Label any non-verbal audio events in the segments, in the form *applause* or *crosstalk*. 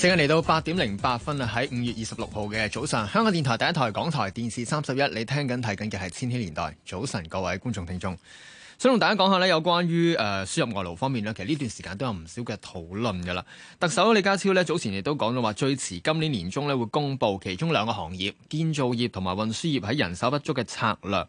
時間嚟到八點零八分啊！喺五月二十六號嘅早上，香港電台第一台，港台電視三十一，你聽緊睇緊嘅係《千禧年代》。早晨，各位觀眾聽眾，想同大家講下呢，有關於誒輸入外勞方面呢，其實呢段時間都有唔少嘅討論噶啦。特首李家超呢，早前亦都講到話，最遲今年年中呢會公布其中兩個行業，建造業同埋運輸業喺人手不足嘅策略。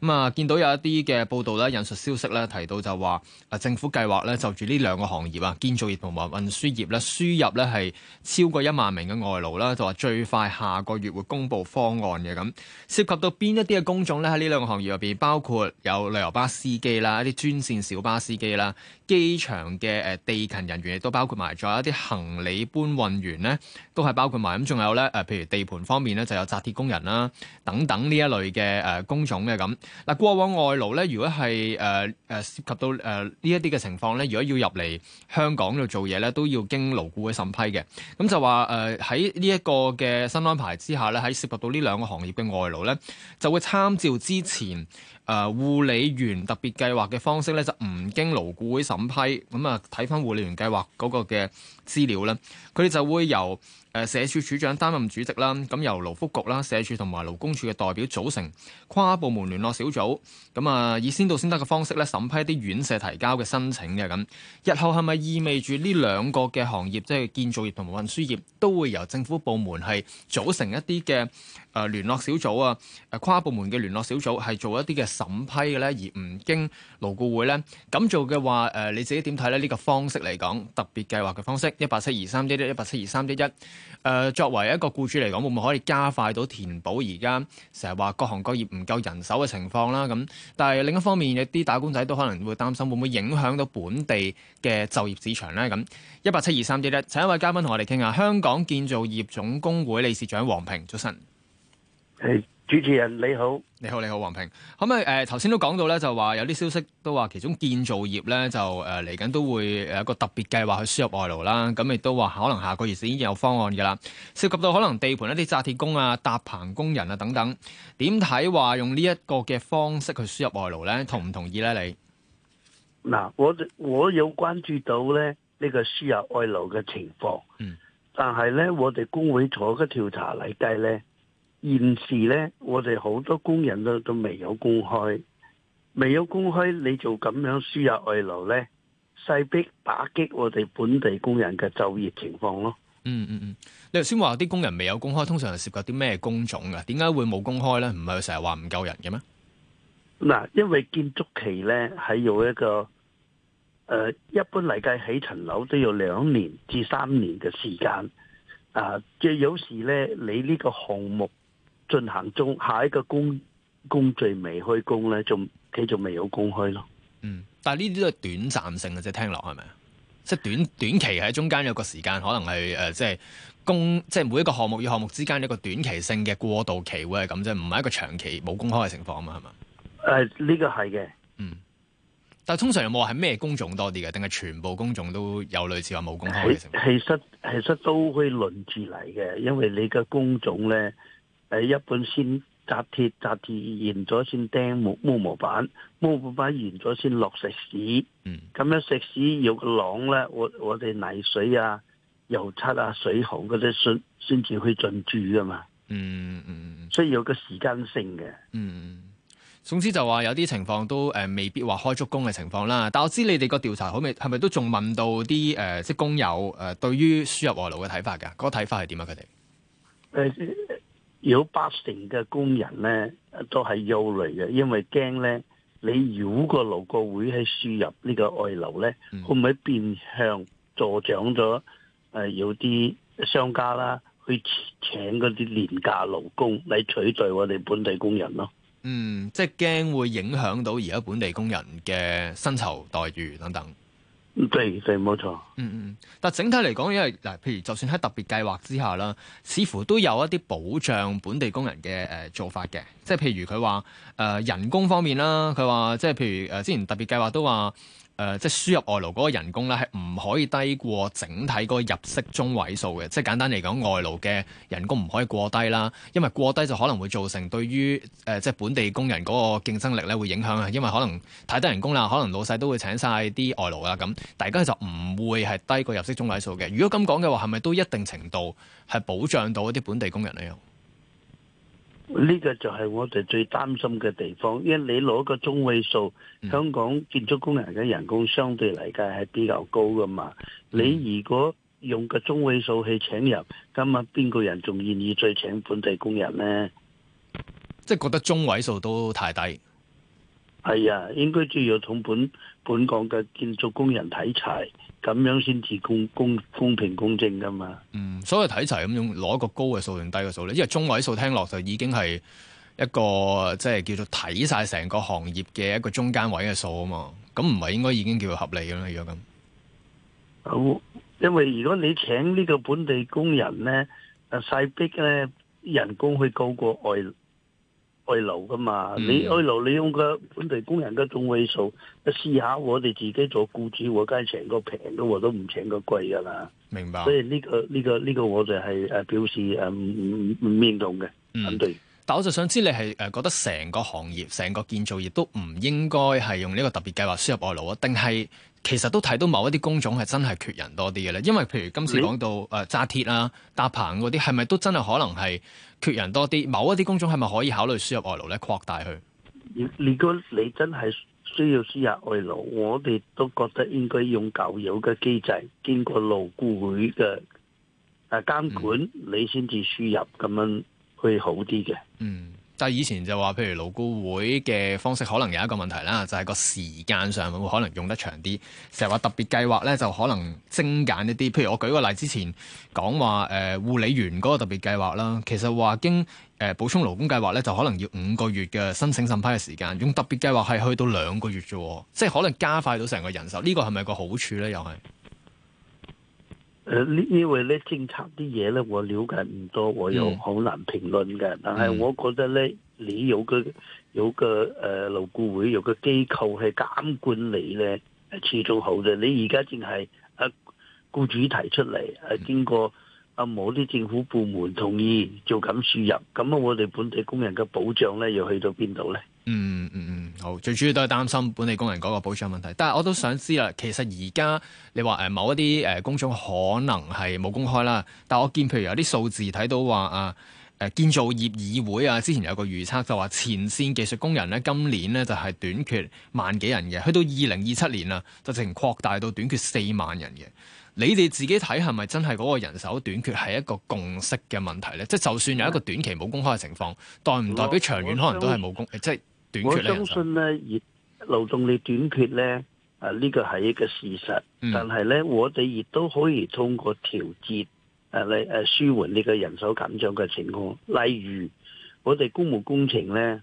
咁啊，見到有一啲嘅報道啦、引述消息咧，提到就話啊，政府計劃咧就住呢兩個行業啊，建造業同埋運輸業咧，輸入咧係超過一萬名嘅外勞啦，就話最快下個月會公布方案嘅咁。涉及到邊一啲嘅工種咧？喺呢兩個行業入面，包括有旅遊巴司機啦、一啲專線小巴司機啦、機場嘅誒地勤人員，亦都包括埋咗一啲行李搬運員呢。都係包括埋咁，仲有咧，誒，譬如地盤方面咧，就有紮鐵工人啦，等等呢一類嘅誒工種嘅咁。嗱過往外勞咧，如果係誒誒涉及到誒呢一啲嘅情況咧，如果要入嚟香港度做嘢咧，都要經勞顧會審批嘅。咁就話誒喺呢一個嘅新安排之下咧，喺涉及到呢兩個行業嘅外勞咧，就會參照之前誒護理員特別計劃嘅方式咧，就唔經勞顧會審批。咁啊睇翻護理員計劃嗰個嘅資料咧，佢哋就會由誒社署署長擔任主席啦，咁由勞福局啦、社署同埋勞工處嘅代表組成跨部門聯絡小組，咁啊以先到先得嘅方式咧審批一啲院舍提交嘅申請嘅咁，日後係咪意味住呢兩個嘅行業，即係建造業同埋運輸業，都會由政府部門係組成一啲嘅誒聯絡小組啊，誒跨部門嘅聯絡小組係做一啲嘅審批嘅咧，而唔經勞顧會咧，咁做嘅話，誒你自己點睇咧？呢個方式嚟講，特別計劃嘅方式，一八七二三一一，一八七二三一一。誒、呃、作為一個僱主嚟講，會唔會可以加快到填補而家成日話各行各業唔夠人手嘅情況啦？咁，但係另一方面，有啲打工仔都可能會擔心，會唔會影響到本地嘅就業市場呢？咁，一八七二三 D 咧，請一位嘉賓同我哋傾下。香港建造業總工會理事長黃平，早晨。誒、hey。主持人你好，你好你好，黃平，可唔可以誒，頭先都講到咧，就話有啲消息都話，其中建造業咧就誒嚟緊都會誒一個特別計劃去輸入外勞啦，咁亦都話可能下個月先有方案噶啦，涉及到可能地盤一啲扎鐵工啊、搭棚工人啊等等，點睇話用呢一個嘅方式去輸入外勞咧？同唔同意咧？你嗱，我我有關注到咧呢、這個輸入外勞嘅情況，嗯，但係咧我哋工會做嘅調查嚟計咧。現時咧，我哋好多工人都都未有公開，未有公開，你做咁樣輸入外勞咧，勢必打擊我哋本地工人嘅就業情況咯。嗯嗯嗯，你頭先話啲工人未有公開，通常係涉及啲咩工種㗎？點解會冇公開咧？唔係佢成日話唔夠人嘅咩？嗱，因為建築期咧係要一個，誒、呃，一般嚟計起層樓都要兩年至三年嘅時間，啊、呃，即係有時咧，你呢個項目。進行中，下一個工工序未開工咧，仲佢仲未有公開咯。嗯，但係呢啲都係短暫性嘅，即係聽落係咪啊？即係短短期喺中間有個時間，可能係誒、呃，即係工即係每一個項目與項目之間一個短期性嘅過渡期會，會係咁啫，唔係一個長期冇公開嘅情況啊嘛，係嘛？誒、呃，呢、這個係嘅。嗯，但係通常有冇話係咩工種多啲嘅，定係全部工種都有類似話冇公開嘅情況？其實其實都可以輪住嚟嘅，因為你嘅工種咧。誒，一半先紮鐵，紮鐵完咗，先釘木木模板，木模板完咗，先落石屎。嗯，咁樣石屎要晾，咧，我我哋泥水啊、油漆啊、水喉嗰啲先先至去進駐噶嘛。嗯嗯嗯，所以有個時間性嘅。嗯，總之就話有啲情況都誒，未必話開足工嘅情況啦。但我知你哋個調查，好未係咪都仲問到啲誒，即係工友誒，對於輸入外勞嘅睇法嘅？嗰個睇法係點啊？佢哋誒。有八成嘅工人咧，都係憂慮嘅，因為驚咧，你繞個勞工會喺輸入呢個外勞咧，會唔會變相助長咗誒、呃、有啲商家啦，去請嗰啲廉價勞工嚟取代我哋本地工人咯？嗯，即係驚會影響到而家本地工人嘅薪酬待遇等等。對對，冇錯。嗯嗯，但整體嚟講，因為嗱，譬如就算喺特別計劃之下啦，似乎都有一啲保障本地工人嘅誒、呃、做法嘅，即係譬如佢話誒，人工方面啦，佢話即係譬如誒、呃、之前特別計劃都話。誒、呃，即係輸入外勞嗰個人工咧，係唔可以低過整體嗰入息中位數嘅。即係簡單嚟講，外勞嘅人工唔可以過低啦，因為過低就可能會造成對於誒、呃、即係本地工人嗰個競爭力咧，會影響啊。因為可能太低人工啦，可能老細都會請晒啲外勞啦咁。大家就唔會係低過入息中位數嘅。如果咁講嘅話，係咪都一定程度係保障到一啲本地工人咧？呢、這個就係我哋最擔心嘅地方，因為你攞個中位數，香港建築工人嘅人工相對嚟計係比較高噶嘛、嗯。你如果用個中位數去請人，今啊邊個人仲願意再請本地工人呢？即覺得中位數都太低。係、哎、啊，應該要要同本本港嘅建築工人睇齊。咁樣先至公公公平公正噶嘛？嗯，所以睇齊咁樣攞一個高嘅數定低嘅數咧，因為中位數聽落就已經係一個即係叫做睇晒成個行業嘅一個中間位嘅數啊嘛。咁唔係應該已經叫做合理嘅喇？如果咁，因為如果你請呢個本地工人咧，啊細逼咧人工去高過外。外勞噶嘛？你外勞你用個本地工人嘅總位數，嗯、試一試下我哋自己做僱主，我梗係請個平嘅，我都唔請個貴噶啦。明白。所以呢個呢個呢個，這個這個，我就係誒表示誒唔唔唔認同嘅。肯定，嗯。但我就想知你係誒覺得成個行業，成個建造業都唔應該係用呢個特別計劃輸入外勞啊？定係其實都睇到某一啲工種係真係缺人多啲嘅咧？因為譬如今次講到誒紮鐵啊、搭棚嗰啲，係咪都真係可能係？缺人多啲，某一啲工種係咪可以考慮輸入外勞咧？擴大去？如果你真係需要輸入外勞，我哋都覺得應該用舊有嘅機制，經過勞顧會嘅誒監管，你先至輸入，咁樣會好啲嘅。嗯。但以前就話，譬如勞工會嘅方式，可能有一個問題啦，就係、是、個時間上會可能用得長啲。成日話特別計劃咧，就可能精簡一啲。譬如我舉個例，之前講話誒護理員嗰個特別計劃啦，其實話經誒、呃、補充勞工計劃咧，就可能要五個月嘅申請審批嘅時間，用特別計劃係去到兩個月啫，即係可能加快到成個人手。呢、這個係咪個好處咧？又係？誒，呢因為咧政策啲嘢咧，我了解唔多，我又好難評論嘅。但係我覺得咧，你有個有個誒勞僱會有個機構係監管你咧，係始終好嘅。你而家淨係阿僱主提出嚟，誒經過阿某啲政府部門同意做緊輸入，咁啊我哋本地工人嘅保障咧又去到邊度咧？嗯嗯嗯，好，最主要都係擔心本地工人嗰個保障問題，但係我都想知啦，其實而家你話誒某一啲誒工種，可能係冇公開啦，但我見譬如有啲數字睇到話啊誒建造業議會啊，之前有個預測就話前綫技術工人咧今年，咧就係短缺萬幾人嘅，去到二零二七年啊就直情擴大到短缺四萬人嘅。你哋自己睇係咪真係嗰個人手短缺係一個共識嘅問題咧？即係就算有一個短期冇公開嘅情況，代唔代表長遠可能都係冇公即係。嗯、我相信咧，而勞動力短缺咧，啊呢個係一個事實。但係咧，我哋亦都可以通過調節，誒嚟誒舒緩呢個人手緊張嘅情況。例如，我哋公務工程咧，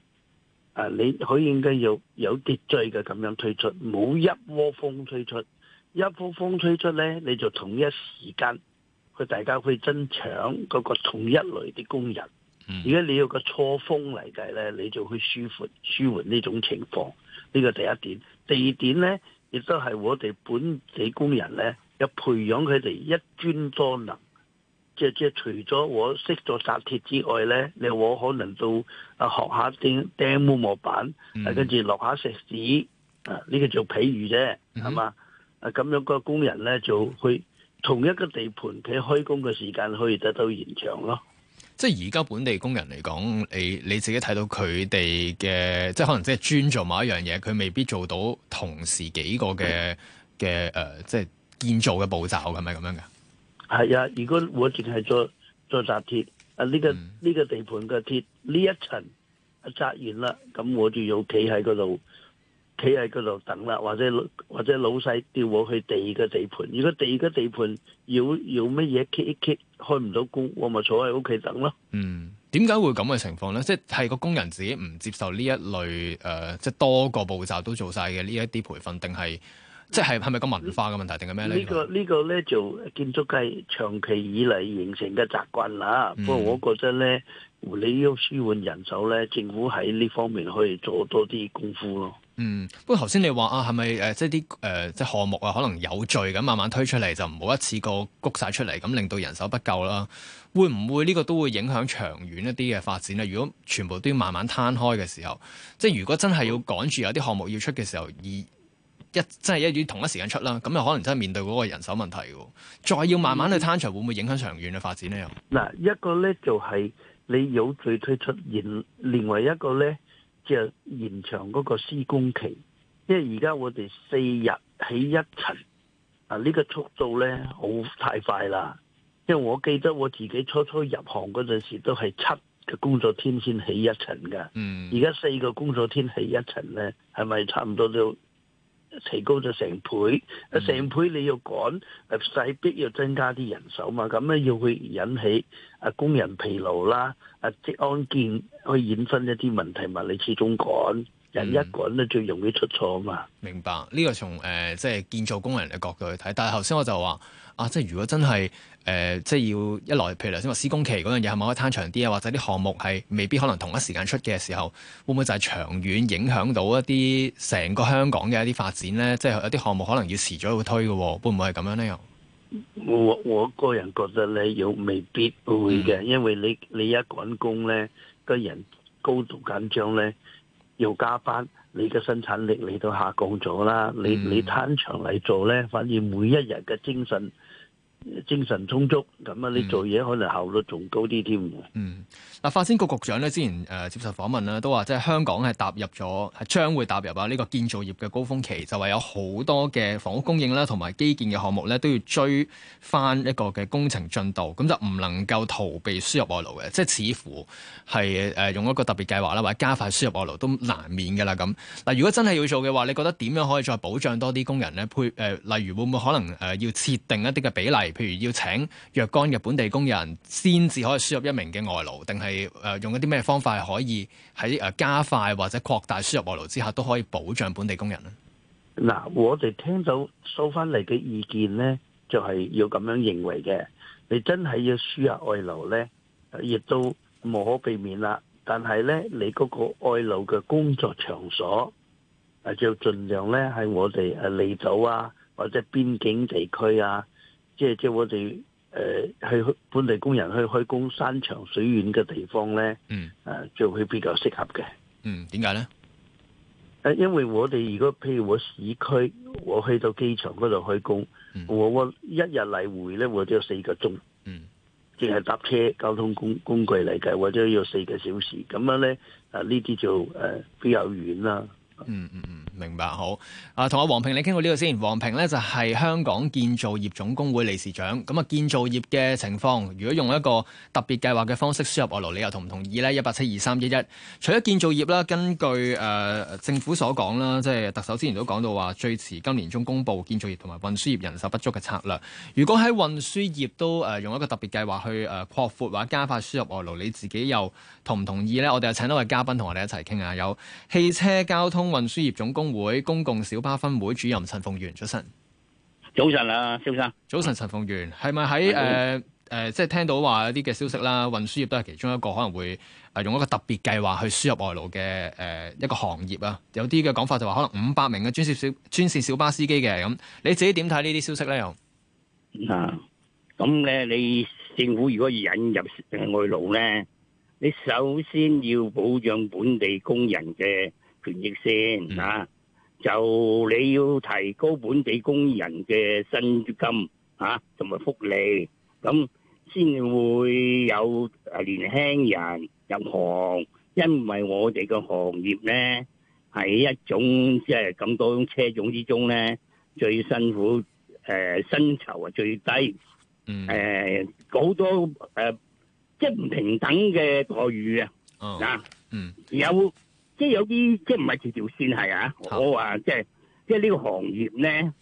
啊你可以應該要有，有秩序嘅咁樣推出，冇一窩蜂推出，一窩蜂推出咧，你就同一時間，去大家可以爭搶個同一類啲工人。如、嗯、果你有個錯峰嚟，計咧，你就去舒緩舒緩呢種情況，呢個第一點。第二點咧，亦都係我哋本地工人咧，有培養佢哋一專多能，即係即係除咗我識咗紮鐵之外咧，你我可能到啊學一下釘釘木模板，跟住落下石屎，啊呢、這個做譬喻啫，係嘛？咁、嗯、樣個工人咧就去同一個地盤，佢開工嘅時間可以得到延長咯。即係而家本地工人嚟講，你你自己睇到佢哋嘅，即係可能即係專做某一樣嘢，佢未必做到同時幾個嘅嘅誒，即係建造嘅步驟，係咪咁樣嘅？係啊，如果我淨係做做紮鐵啊，呢、呢個呢、嗯呢個地盤嘅鐵呢一層啊紮完啦，咁我就要企喺嗰度。企喺嗰度等啦，或者老或者老細調我去第二個地盤。如果第二個地盤有有乜嘢，棘棘開唔到工，我咪坐喺屋企等咯。嗯，點解會咁嘅情況咧？即係個工人自己唔接受呢一類誒、呃，即係多個步驟都做晒嘅呢一啲培訓，定係即係係咪個文化嘅問題，定係咩咧？呢、這個這個呢個咧就是、建築界長期以嚟形成嘅習慣啦。不過我覺得咧。你要舒緩人手咧，政府喺呢方面可以做多啲功夫咯。嗯，不過頭先你話啊，係咪誒，即係啲誒，即係項目啊，可能有序咁慢慢推出嚟，就唔好一次過谷晒出嚟，咁令到人手不夠啦。會唔會呢個都會影響長遠一啲嘅發展啊？如果全部都要慢慢攤開嘅時候，即係如果真係要趕住有啲項目要出嘅時候，一即係一於同一時間出啦，咁又可能真係面對嗰個人手問題嘅，再要慢慢去攤除，嗯，會唔會影響長遠嘅發展呢？又嗱，一個咧就係。你有最推出現另外一個呢，就係延長嗰個施工期，因為而家我哋四日起一層，啊、這、呢個速度呢，好太快啦，因為我記得我自己初初入行嗰陣時都係七個工作天先起一層㗎，嗯，而家四個工作天起一層呢，係咪差唔多都？提高咗成倍，成、嗯、倍你要趕，勢必要增加啲人手嘛，咁咧要去引起啊工人疲勞啦，啊職安健去衍生一啲問題嘛，你始終趕人一趕咧最容易出錯啊嘛、嗯。明白，呢個從誒即係建造工人嘅角度去睇，但係頭先我就話啊，即係如果真係。誒、呃，即係要一來，譬如頭先話施工期嗰樣嘢係咪可以攤長啲啊？或者啲項目係未必可能同一時間出嘅時候，會唔會就係長遠影響到一啲成個香港嘅一啲發展咧？即係有啲項目可能要遲咗去推嘅，會唔會係咁樣咧？又我我個人覺得咧，要未必會嘅、嗯，因為你你一趕工咧，個人高度緊張咧，要加班，你嘅生產力你都下降咗啦。嗯、你你攤長嚟做咧，反而每一日嘅精神，精神充足，咁啊你做嘢可能效率仲高啲添。嗯，嗱、嗯，發展局局長咧之前誒、呃、接受訪問咧，都話即係香港係踏入咗，係將會踏入啊呢個建造業嘅高峰期，就話有好多嘅房屋供應啦，同埋基建嘅項目咧都要追翻一個嘅工程進度，咁就唔能夠逃避輸入外勞嘅，即係似乎係誒用一個特別計劃啦，或者加快輸入外勞都難免㗎啦咁。嗱，如果真係要做嘅話，你覺得點樣可以再保障多啲工人咧？配誒、呃，例如會唔會可能誒、呃、要設定一啲嘅比例？譬如要請若干嘅本地工人，先至可以輸入一名嘅外勞，定係誒用一啲咩方法可以喺誒加快或者擴大輸入外勞之下，都可以保障本地工人咧？嗱，我哋聽到收翻嚟嘅意見咧，就係要咁樣認為嘅。你真係要輸入外勞咧，亦都無可避免啦。但係咧，你嗰個外勞嘅工作場所，就盡量咧喺我哋誒離島啊，或者邊境地區啊。即係即係我哋誒、呃、去本地工人去開工山長水遠嘅地方咧，嗯，誒、啊、就會比較適合嘅，嗯，點解咧？誒，因為我哋如果譬如我市區，我去到機場嗰度開工，我、嗯、我一日嚟回咧，或者有四個鐘，嗯，淨係搭車交通工具嚟計，或者要四個小時，咁、嗯、樣咧，誒呢啲就誒、呃、比較遠啦。嗯嗯嗯，明白好。啊，同阿黃平你傾過呢個先。黃平咧就係、是、香港建造業總工會理事長。咁、嗯、啊，建造業嘅情況，如果用一個特別計劃嘅方式輸入外勞，你又同唔同意咧？一八七二三一一。除咗建造業啦，根據誒、呃、政府所講啦，即係特首之前都講到話，最遲今年中公布建造業同埋運輸業人手不足嘅策略。如果喺運輸業都誒用一個特別計劃去誒擴闊或者加快輸入外勞，你自己又同唔同意咧？我哋又請到位嘉賓同我哋一齊傾下，有汽車交通。運輸業總工會公共小巴分會主任陳逢源，早晨，早晨啊，蕭生，早晨，陳逢源係咪喺誒誒？即係聽到話一啲嘅消息啦，運輸業都係其中一個可能會誒用一個特別計劃去輸入外勞嘅誒一個行業啊。有啲嘅講法就話可能五百名嘅專線小專線小巴司機嘅，咁，你自己點睇呢啲消息咧？又啊，咁咧，你政府如果要引入外勞咧，你首先要保障本地工人嘅。權益先啊，就你要提高本地工人嘅薪金啊，同埋福利，咁先會有年輕人入行。因為我哋嘅行業咧係一種即係咁多種車種之中咧，最辛苦，誒薪酬啊最低，誒好多誒即係唔平等嘅待遇啊，啊，有。即係有啲即係唔係條條線係啊！嗯、我話即係即係呢個行業咧，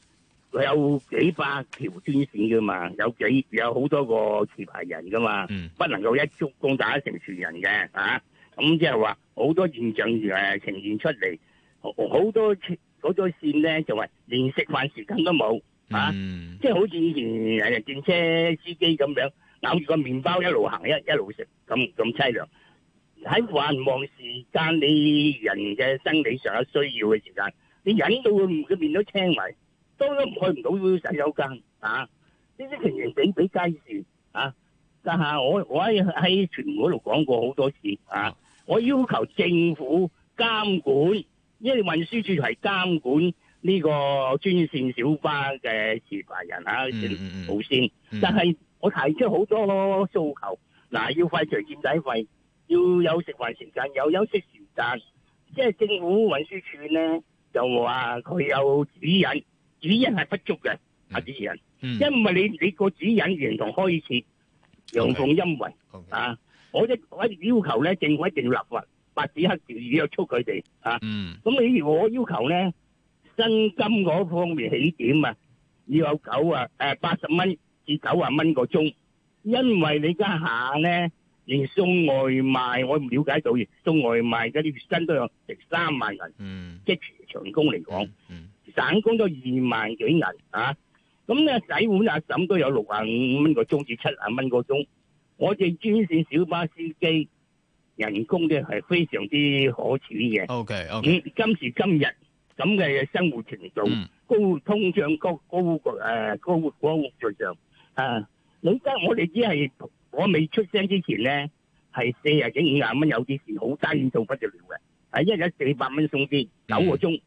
佢有幾百條專線噶嘛，有幾有好多個持牌人噶嘛，不能夠一竹篙打沉一船人嘅啊！咁、嗯嗯、即係話好多現象誒、呃、呈現出嚟，好多好多、嗰個、線咧就係連食飯時間都冇啊！嗯、即係好似以前誒電車司機咁樣咬住個麵包一路行一一路食咁咁淒涼。喺繁忙時間，你人嘅生理上有需要嘅時間，你忍到佢佢變咗青圍，都都去唔到洗手間啊！呢啲情形比比皆是啊！家下我我喺喺傳媒嗰度講過好多次啊！我要求政府監管，因為運輸署係監管呢個專線小巴嘅持牌人啊，線路線，但係我提出好多個訴求，嗱，要廢除見仔費。要有食飯時間，有休息時間，即係政府運輸處咧就話佢有指引，指引係不足嘅啊！指引，嗯，因為你你個指引形同開始陽奉陰違啊！我一我要求咧，政府一定要立法，白紙黑字要約束佢哋啊！嗯，咁你我要求咧薪金嗰方面起點啊，要有九啊誒八十蚊至九啊蚊個鐘，因為你家下咧。連送外賣，我唔瞭解到，送外賣嗰啲月薪都有值三萬銀，即長工嚟講，散工都二萬幾銀啊！咁咧洗碗阿嬸都有六啊五蚊個鐘至七啊蚊個鐘，我哋專線小巴司機人工咧係非常之可恥嘅。O K O K，今時今日咁嘅生活程度，高通脹高高誒高高在上啊！你而家我哋只係。我未出聲之前咧，係四十幾五十蚊有啲事好低，都不得了嘅。喺一日四百蚊送啲九個鐘，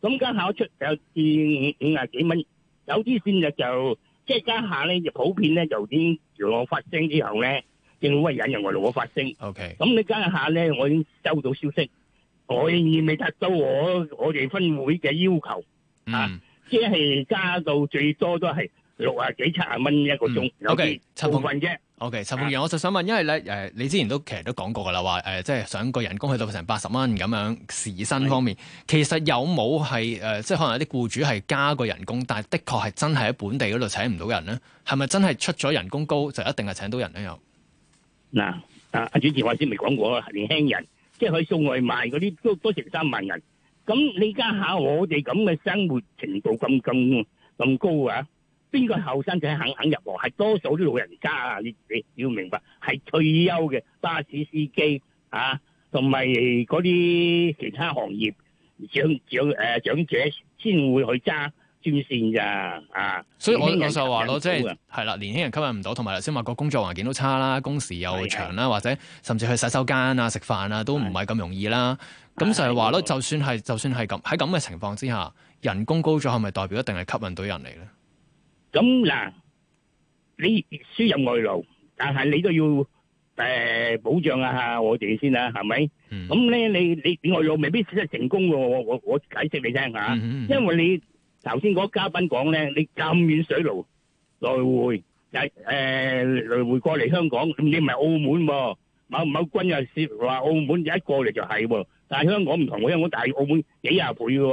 咁家下出就至五五十幾蚊有啲線就就即係家下咧就普遍咧就啲娛樂發聲之後咧正好引人為我發聲。O K。咁你家下咧我已經收到消息，我仍然未達到我我哋分會嘅要求啊！即係加到最多都係。六啊幾七啊蚊一個鐘，O K。七部分啫，O K。陳逢源，我就想問，因為咧誒，你之前都其實都講過噶啦，話誒，即係上個人工去到成八十蚊咁樣時薪方面，是其實有冇係誒，即係可能有啲雇主係加個人工，但係的確係真係喺本地嗰度請唔到人咧？係咪真係出咗人工高就一定係請到人咧？又、啊、嗱，阿、啊、主持我先未講過年輕人即係可以送外賣嗰啲都多成三萬人，咁你家下我哋咁嘅生活程度咁咁咁高啊？邊個後生仔肯肯入喎？係多數啲老人家啊，你你要明白係退休嘅巴士司機啊，同埋嗰啲其他行業長長誒長者先會去揸專線㗎啊。所以我就話咯，即係係啦，年輕人吸引唔到，同埋頭先話個工作環境都差啦，工時又長啦，或者甚至去洗手間啊、食飯啊都唔係咁容易啦。咁就係話咯，就算係就算係咁喺咁嘅情況之下，人工高咗，係咪代表一定係吸引到人嚟咧？咁嗱，你輸入外勞，但係你都要誒保障啊吓我哋先啦，係咪？咁咧，你你外勞未必使得成功嘅，我我我解釋你聽吓，因為你頭先嗰個嘉賓講咧，你咁遠水路來回，誒誒來回過嚟香港，你唔係澳門喎，某某君又說話澳門一過嚟就係喎，但係香港唔同，香港大澳門幾廿倍嘅，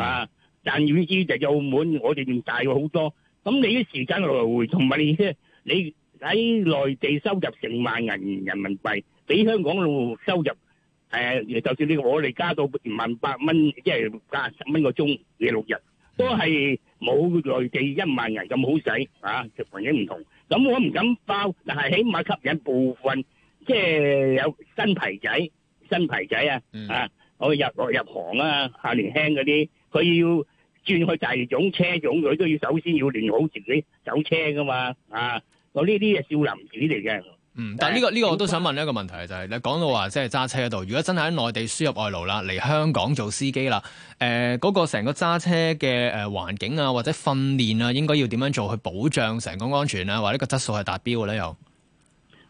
啊，但總之就係澳門，我哋仲大過好多。咁你啲時間來回，同埋你即係你喺內地收入成萬銀人民幣，比香港度收入，誒，就算你我哋加到萬八蚊，即係加十蚊個鐘，你六日都係冇內地一萬銀咁好使啊，條環境唔同。咁我唔敢包，但係起碼吸引部分，即係有新牌仔、新牌仔啊，啊，我入我入行啦，下年輕嗰啲，佢要。轉去第二種車種，佢都要首先要練好自己走車噶嘛，啊，我呢啲係少林寺嚟嘅。嗯，但係、這、呢個呢、這個我都想問一個問題，嗯、就係、是、你講到話即係揸車嗰度，如果真係喺內地輸入外勞啦，嚟香港做司機啦，誒、呃，嗰、那個成個揸車嘅誒環境啊，或者訓練啊，應該要點樣做去保障成個安全啊，或者個質素係達標嘅咧？又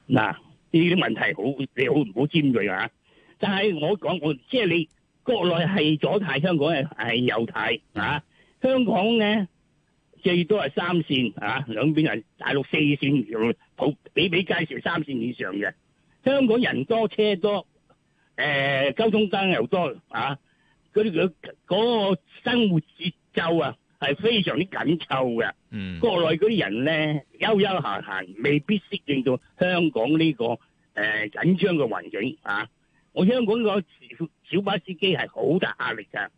嗱，呢啲問題好你好唔好尖銳啊？但係我講我即係你。國內係左軚，香港係係右軚啊！香港咧最多係三綫啊，兩邊係大陸四綫用普，你、啊、俾介紹三綫以上嘅。香港人多車多，誒、呃，交通燈又多啊！嗰、那、啲、個那個生活節奏啊，係非常之緊湊嘅。嗯，國內嗰啲人咧悠悠閒閒，未必適應到香港呢、這個誒、呃、緊張嘅環境啊！我香港個小巴司機係好大壓力㗎。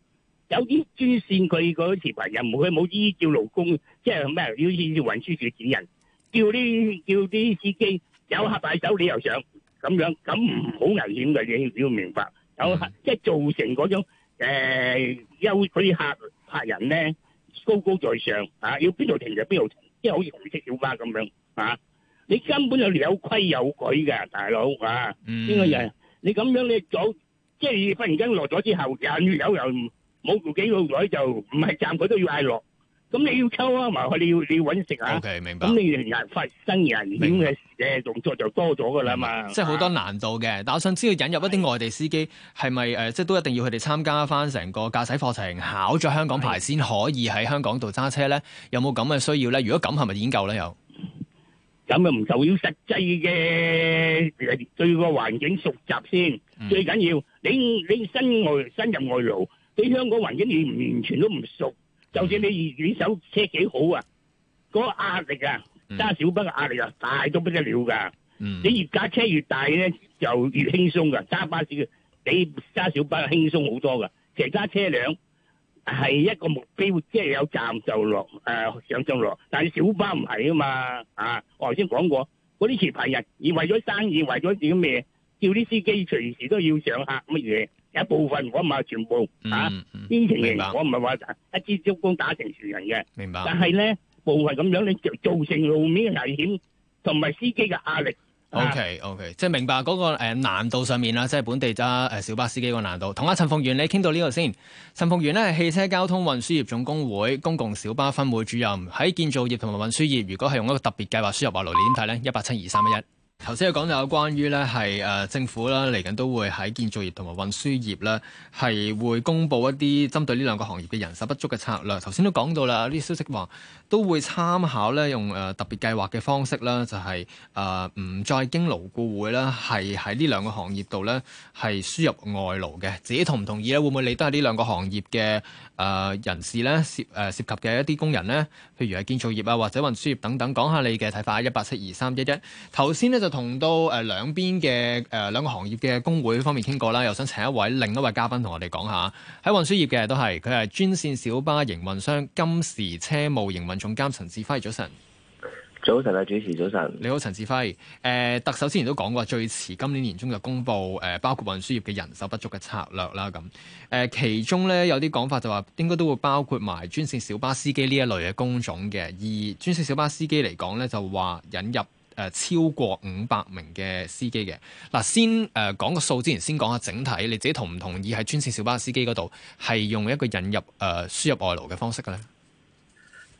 有啲專線佢嗰次巴，又唔佢冇依照勞工，即係係咩？要依教運輸處檢人。叫啲，叫啲司機，有客戴走你又上，咁樣，咁唔好危險嘅，你要明白。即係做成嗰種，呃，優，優勵客，客人呢，高高在上，啊，要邊度停就邊度停，即係好似紅色小巴，咁樣。啊，你根本就有理有規有矩㗎，大佬，啊, Nun 你咁樣你早即係忽然間落咗之後，人越走又冇幾路腿，就唔係站佢都要嗌落。咁你要溝啊嘛，你要你揾食啊。OK，明白。咁你成日發生人險嘅嘅動作就多咗噶啦嘛。即係好多難度嘅，但係我想知道引入一啲外地司機係咪誒，即係都一定要佢哋參加翻成個駕駛課程，考咗香港牌先可以喺香港度揸車咧？有冇咁嘅需要咧？如果咁係咪已經夠咧？又？咁又唔就要實際嘅對個環境熟習先，嗯、最緊要你你身外身入外勞，對香港環境你完全都唔熟，嗯，就算你遠手車幾好啊，個壓力啊揸小巴嘅壓力啊大到不得了㗎，嗯，你越架車越大咧就越輕鬆㗎，揸巴士比揸小巴輕鬆好多㗎，其實揸車輛。係一個目標，即係有站就落，誒上上落。但係小巴唔係啊嘛，啊我頭先講過，嗰啲持牌人而為咗生意，為咗自己咩，叫啲司機隨時都要上客乜嘢。有部分我唔係全部啊，呢情形我唔係話一支竹竿打成全人嘅，明白。但係咧部分咁樣咧，造成路面嘅危險同埋司機嘅壓力。OK，OK，即係明白嗰個誒難度上面啦，即係本地揸誒小巴司機個難度。同阿陳逢源你傾到呢個先。陳逢源呢係汽車交通運輸業總工會公共小巴分會主任。喺建造業同埋運輸業，如果係用一個特別計劃輸入外勞，你點睇咧？一八七二三一一。頭先講到有關於呢係誒政府啦，嚟緊都會喺建造業同埋運輸業啦，係會公布一啲針對呢兩個行業嘅人手不足嘅策略。頭先都講到啦，呢啲消息話，都會參考咧，用誒、呃、特別計劃嘅方式啦，就係誒唔再經勞顧會啦，係喺呢兩個行業度咧係輸入外勞嘅。自己同唔同意咧？會唔會你都係呢兩個行業嘅誒、呃、人士咧涉誒、呃、涉及嘅一啲工人咧？譬如係建造業啊，或者運輸業等等，講下你嘅睇法。一八七二三一一。頭先呢，就同到誒兩邊嘅誒兩個行業嘅工會方面傾過啦，又想請一位另一位嘉賓同我哋講下喺運輸業嘅都係佢係專線小巴營運商金匙車務營運。總監陳志輝，早晨，早晨啊，主持早晨。你好，陳志輝。誒、呃，特首之前都講過，最遲今年年中就公布誒、呃，包括運輸業嘅人手不足嘅策略啦。咁誒、呃，其中咧有啲講法就話，應該都會包括埋專線小巴司機呢一類嘅工種嘅。而專線小巴司機嚟講咧，就話引入誒、呃、超過五百名嘅司機嘅。嗱，先誒講個數，呃、講數之前先講下整體，你自己同唔同意喺專線小巴司機嗰度係用一個引入誒輸、呃、入外勞嘅方式嘅咧？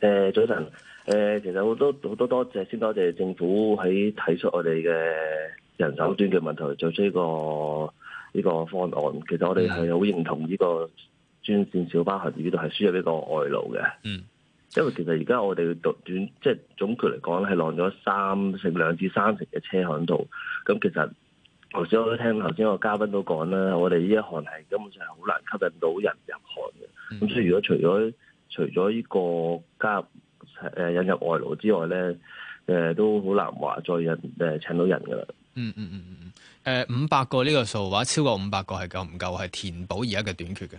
誒、呃，早晨。誒、呃，其實好多好多多謝，先多謝政府喺提出我哋嘅人手端嘅問題，做出呢個呢個方案。其實我哋係好認同呢個專線小巴行，呢度係輸入呢個外勞嘅。嗯。因為其實而家我哋短即係總括嚟講，係晾咗三成兩至三成嘅車喺度。咁其實頭先我都聽頭先個嘉賓都講啦，我哋呢一行係根本上係好難吸引到人入行嘅。咁、嗯、所以如果除咗除咗呢個加入誒引入外勞之外咧，誒、呃、都好難話再引誒請到人㗎喇。嗯嗯嗯嗯。誒五百個呢個數話超過五百個係夠唔夠係填補而家嘅短缺嘅？誒、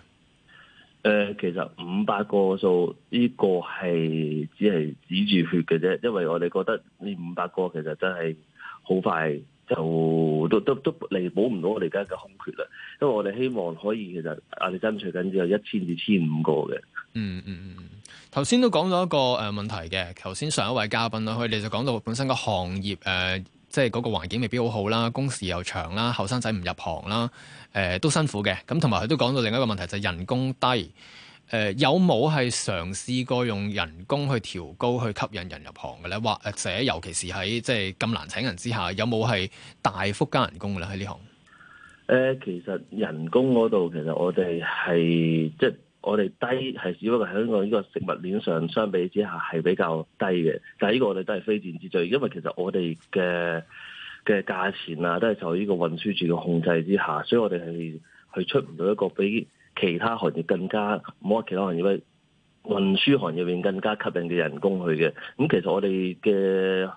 呃、其實五百個數呢、這個係只係止住血嘅啫，因為我哋覺得呢五百個其實真係好快。就都都都彌補唔到我哋而家嘅空缺啦，因為我哋希望可以其實啊，你爭取緊只有一千至千五個嘅。嗯嗯嗯，頭先都講咗一個誒問題嘅，頭先上一位嘉賓啦，佢哋就講到本身個行業誒、呃，即係嗰個環境未必好好啦，工時又長啦，後生仔唔入行啦，誒、呃、都辛苦嘅，咁同埋佢都講到另一個問題就係、人工低。誒，有冇係嘗試過用人工去調高，去吸引人入行嘅咧？或者，尤其是喺即係咁難請人之下，有冇係大幅加人工嘅啦？喺呢行誒，其實人工嗰度，其實我哋係即係我哋低，係只不過喺呢個呢個食物鏈上相比之下係比較低嘅。但係呢個我哋都係非戰之罪，因為其實我哋嘅嘅價錢啊，都係受呢個運輸署嘅控制之下，所以我哋係去出唔到一個比其他行業更加冇話其他行業嘅運輸行業入面更加吸引嘅人工去嘅。咁、嗯、其實我哋嘅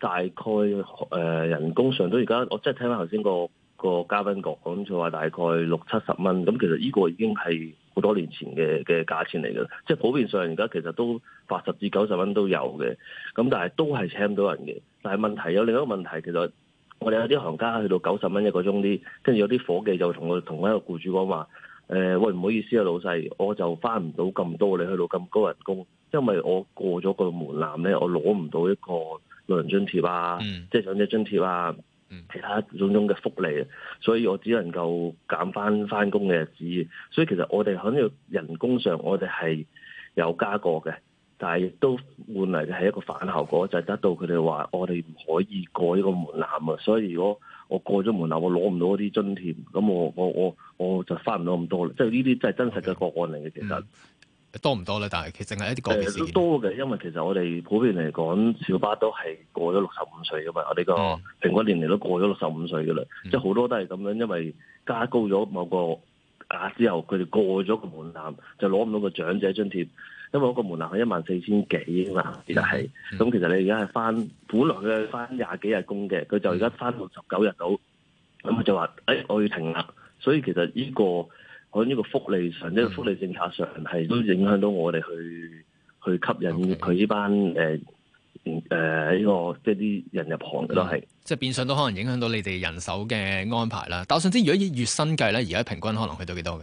大概誒、呃、人工上到而家，我即係聽翻頭先個、嗰個嘉賓講講就話大概六七十蚊。咁、嗯、其實呢個已經係好多年前嘅嘅價錢嚟嘅，即係普遍上而家其實都八十至九十蚊都有嘅。咁、嗯、但係都係請唔到人嘅。但係問題有另一個問題，其實我哋有啲行家去到九十蚊一個鐘啲，跟住有啲伙計就同我同一個僱主講話。誒、呃，喂，唔好意思啊，老細，我就翻唔到咁多，你去到咁高人工，因為我過咗個門檻咧，我攞唔到一個老人津貼啊，即、嗯、係、就是、長者津貼啊，其他種種嘅福利，所以我只能夠減翻翻工嘅日子。所以其實我哋喺呢個人工上，我哋係有加過嘅，但係亦都換嚟嘅係一個反效果，就係、是、得到佢哋話我哋唔可以過呢個門檻啊，所以如果。我過咗門口，我攞唔到嗰啲津貼，咁我我我我就翻唔到咁多啦。即係呢啲真係真實嘅個案嚟嘅，其實、okay. 嗯、多唔多咧？但係其實係一啲個別嘅、欸、多嘅，因為其實我哋普遍嚟講，小巴都係過咗六十五歲噶嘛，我哋個平均年齡都過咗六十五歲噶啦，oh. 即係好多都係咁樣，因為加高咗某個額之後，佢哋過咗個門檻，就攞唔到個長者津貼。因為我個門檻係一萬四千幾啊嘛，其實係咁，其實你而家係翻，本來佢翻廿幾日工嘅，佢就而家翻六十九日到，咁、嗯、佢就話，誒、哎、我要停啦。所以其實依、這個喺呢個福利上，呢、就、個、是、福利政策上係都影響到我哋去、嗯、去吸引佢呢班誒誒呢個即係啲人入行嘅咯，係、嗯。即係變相都可能影響到你哋人手嘅安排啦。但我想知道如果以月薪計咧，而家平均可能去到幾多嘅？誒、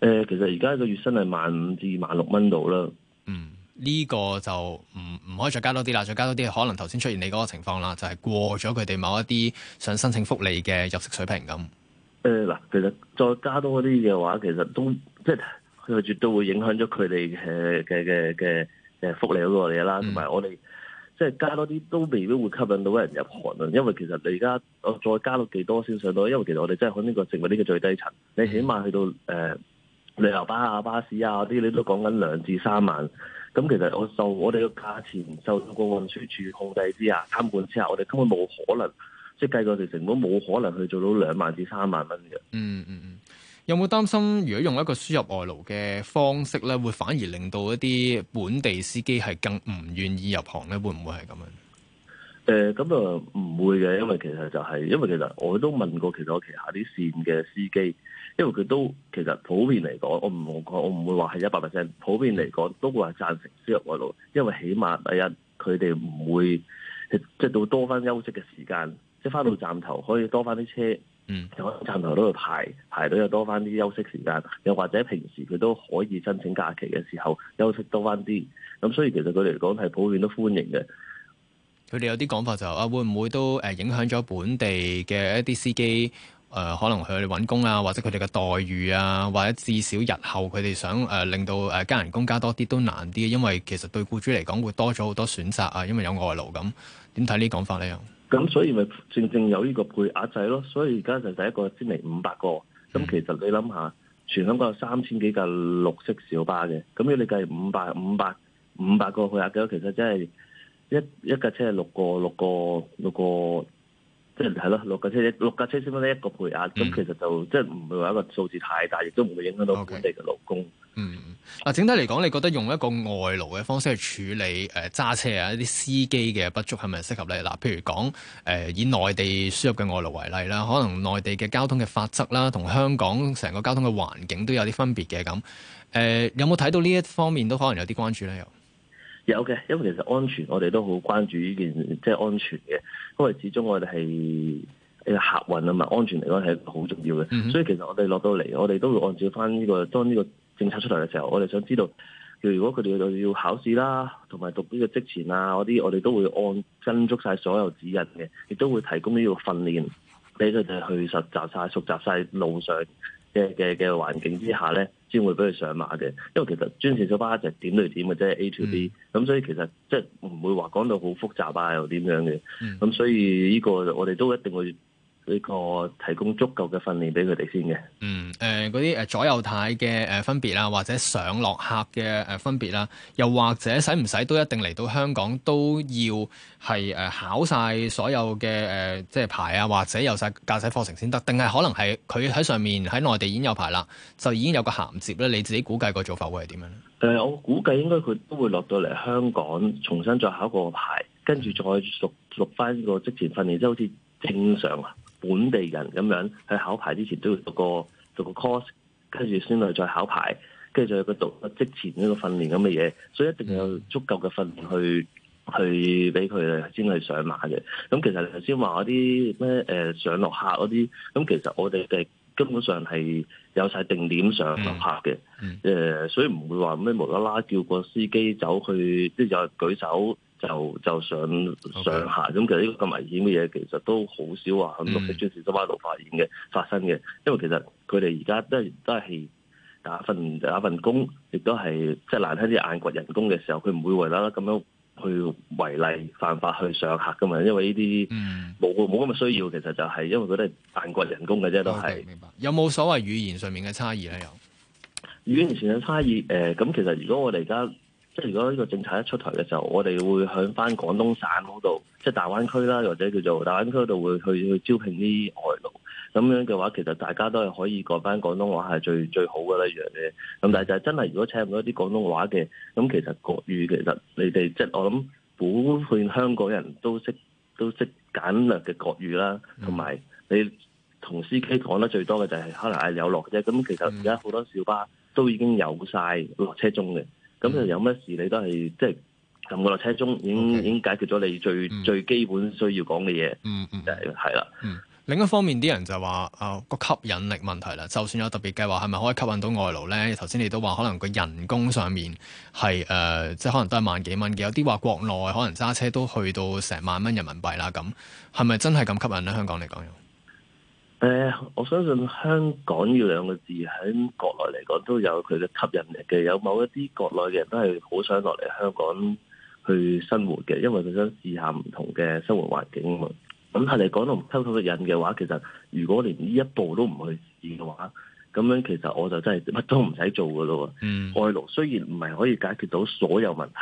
呃，其實而家個月薪係萬五至萬六蚊度啦。嗯，呢、這個就唔唔可以再加多啲啦，再加多啲可能頭先出現你嗰個情況啦，就係、是、過咗佢哋某一啲想申請福利嘅入息水平咁。誒，嗱，其實再加多啲嘅話，其實都即係佢係絕對會影響咗佢哋嘅嘅嘅嘅誒福利嗰個嘢啦。同、嗯、埋我哋即係加多啲都未必會吸引到人入行啊。因為其實你而家我再加到幾多先上到？因為其實我哋真係可呢個植物呢個最低層，你起碼去到誒。嗯旅遊巴啊、巴士啊嗰啲，你都講緊兩至三萬。咁其實我受我哋個價錢受到個運輸處控制之下、監管之下，我哋根本冇可能，即係計過我哋成本冇可能去做到兩萬至三萬蚊嘅。嗯嗯嗯。有冇擔心？如果用一個輸入外勞嘅方式咧，會反而令到一啲本地司機係更唔願意入行咧？會唔會係咁樣？誒、呃，咁啊唔會嘅，因為其實就係、是，因為其實我都問過其他其他，其實我旗下啲線嘅司機。因為佢都其實普遍嚟講，我唔我我唔會話係一百 percent。普遍嚟講，都會話贊成輸入外勞，因為起碼第一，佢哋唔會即係到，多翻休息嘅時間，即係翻到站頭可以多翻啲車，嗯，就喺站頭嗰度排排隊又多翻啲休息時間，又或者平時佢都可以申請假期嘅時候休息多翻啲。咁所以其實佢哋嚟講係普遍都歡迎嘅。佢哋有啲講法就啊、話，會唔會都誒影響咗本地嘅一啲司機？誒、呃、可能佢哋揾工啊，或者佢哋嘅待遇啊，或者至少日後佢哋想誒、呃、令到誒、呃、加人工加多啲都難啲，因為其實對僱主嚟講會多咗好多選擇啊，因為有外勞咁。點睇呢啲講法咧？咁所以咪正正有呢個配額制咯。所以而家就第一個先嚟五百個。咁其實你諗下，全香港有三千幾架綠色小巴嘅，咁你計五百五百五百個配額幾多？其實真係一一架車係六個六個六個。即係係咯，六架車六架車先分得一個配額，咁、嗯、其實就即係唔會話一個數字太大，亦都唔會影響到本地嘅勞工。Okay. 嗯，嗱，整體嚟講，你覺得用一個外勞嘅方式去處理誒揸、呃、車啊一啲司機嘅不足，係咪適合你？嗱、呃，譬如講誒、呃，以內地輸入嘅外勞為例啦，可能內地嘅交通嘅法則啦，同香港成個交通嘅環境都有啲分別嘅咁。誒、呃，有冇睇到呢一方面都可能有啲關注咧？有嘅，因為其實安全我哋都好關注呢件即係安全嘅，因為始終我哋係客運啊嘛，安全嚟講係好重要嘅。Mm-hmm. 所以其實我哋落到嚟，我哋都會按照翻、這、呢個當呢個政策出嚟嘅時候，我哋想知道，如果佢哋要考試啦，同埋讀呢個職前啊嗰啲，我哋都會按跟足晒所有指引嘅，亦都會提供呢個訓練俾佢哋去實習晒、熟習晒路上嘅嘅嘅環境之下咧。先會俾佢上馬嘅，因為其實專線小巴就係點對點嘅，啫。A to B，咁、嗯、所以其實即係唔會話講到好複雜啊，又點樣嘅，咁、嗯、所以呢個我哋都一定會。呢個提供足夠嘅訓練俾佢哋先嘅。嗯，誒嗰啲誒左右軚嘅誒分別啦，或者上落客嘅誒分別啦，又或者使唔使都一定嚟到香港都要係誒考晒所有嘅誒、呃、即係牌啊，或者有晒駕駛課程先得？定係可能係佢喺上面喺內地已經有牌啦，就已經有個銜接咧？你自己估計個做法會係點樣咧？誒、呃，我估計應該佢都會落到嚟香港重新再考個牌，跟住再錄錄翻個職前訓練，即係好似正常啊。本地人咁樣去考牌之前都要讀個讀個 course，跟住先去再考牌，跟住再個讀個職前呢個訓練咁嘅嘢，所以一定有足夠嘅訓練去去俾佢哋先去上馬嘅。咁其實你頭先話嗰啲咩上落客嗰啲，咁其實我哋嘅根本上係有曬定點上落客嘅、嗯嗯呃，所以唔會話咩無啦啦叫個司機走去，即係舉手。就就想上下咁，okay. 其實呢個咁危險嘅嘢，其實都好少話，六係專士都威道發現嘅發生嘅。嗯。因為其實佢哋而家都係都打份打份工，亦都係即係難聽啲眼掘人工嘅時候，佢唔會為啦咁樣去違例犯法去上客噶嘛。因為呢啲冇冇咁嘅需要，其實就係因為都係眼掘人工嘅啫，okay, 都係明白。有冇所謂語言上面嘅差異咧？有語言上面嘅差異，咁、呃、其實如果我哋而家。即係如果呢個政策一出台嘅時候，我哋會響翻廣東省嗰度，即係大灣區啦，或者叫做大灣區嗰度會去去招聘啲外勞。咁樣嘅話，其實大家都係可以講翻廣東話係最最好嘅一樣嘢。咁但係就係真係如果請唔到啲廣東話嘅，咁其實國語其實你哋即係我諗，普遍香港人都識都識簡略嘅國語啦，同埋你同司機講得最多嘅就係、是、可能係有落嘅啫。咁其實而家好多小巴都已經有晒落車鐘嘅。咁、嗯、就、嗯、有乜事你都係即係撳個落車中已經 okay, 已經解決咗你最、嗯、最基本需要講嘅嘢，就係係啦。另一方面啲人就話啊，個吸引力問題啦，就算有特別計劃，係咪可以吸引到外勞咧？頭先你都話可能個人工上面係、呃、即係可能都係萬幾蚊嘅。有啲話國內可能揸車都去到成萬蚊人民幣啦，咁係咪真係咁吸引咧？香港嚟講？誒、呃，我相信香港呢兩個字喺國內嚟講都有佢嘅吸引力嘅，有某一啲國內嘅人都係好想落嚟香港去生活嘅，因為佢想試下唔同嘅生活環境啊嘛。咁係嚟講到唔溝通嘅人嘅話，其實如果連呢一步都唔去試嘅話，咁樣其實我就真係乜都唔使做嘅咯。外、嗯、勞雖然唔係可以解決到所有問題，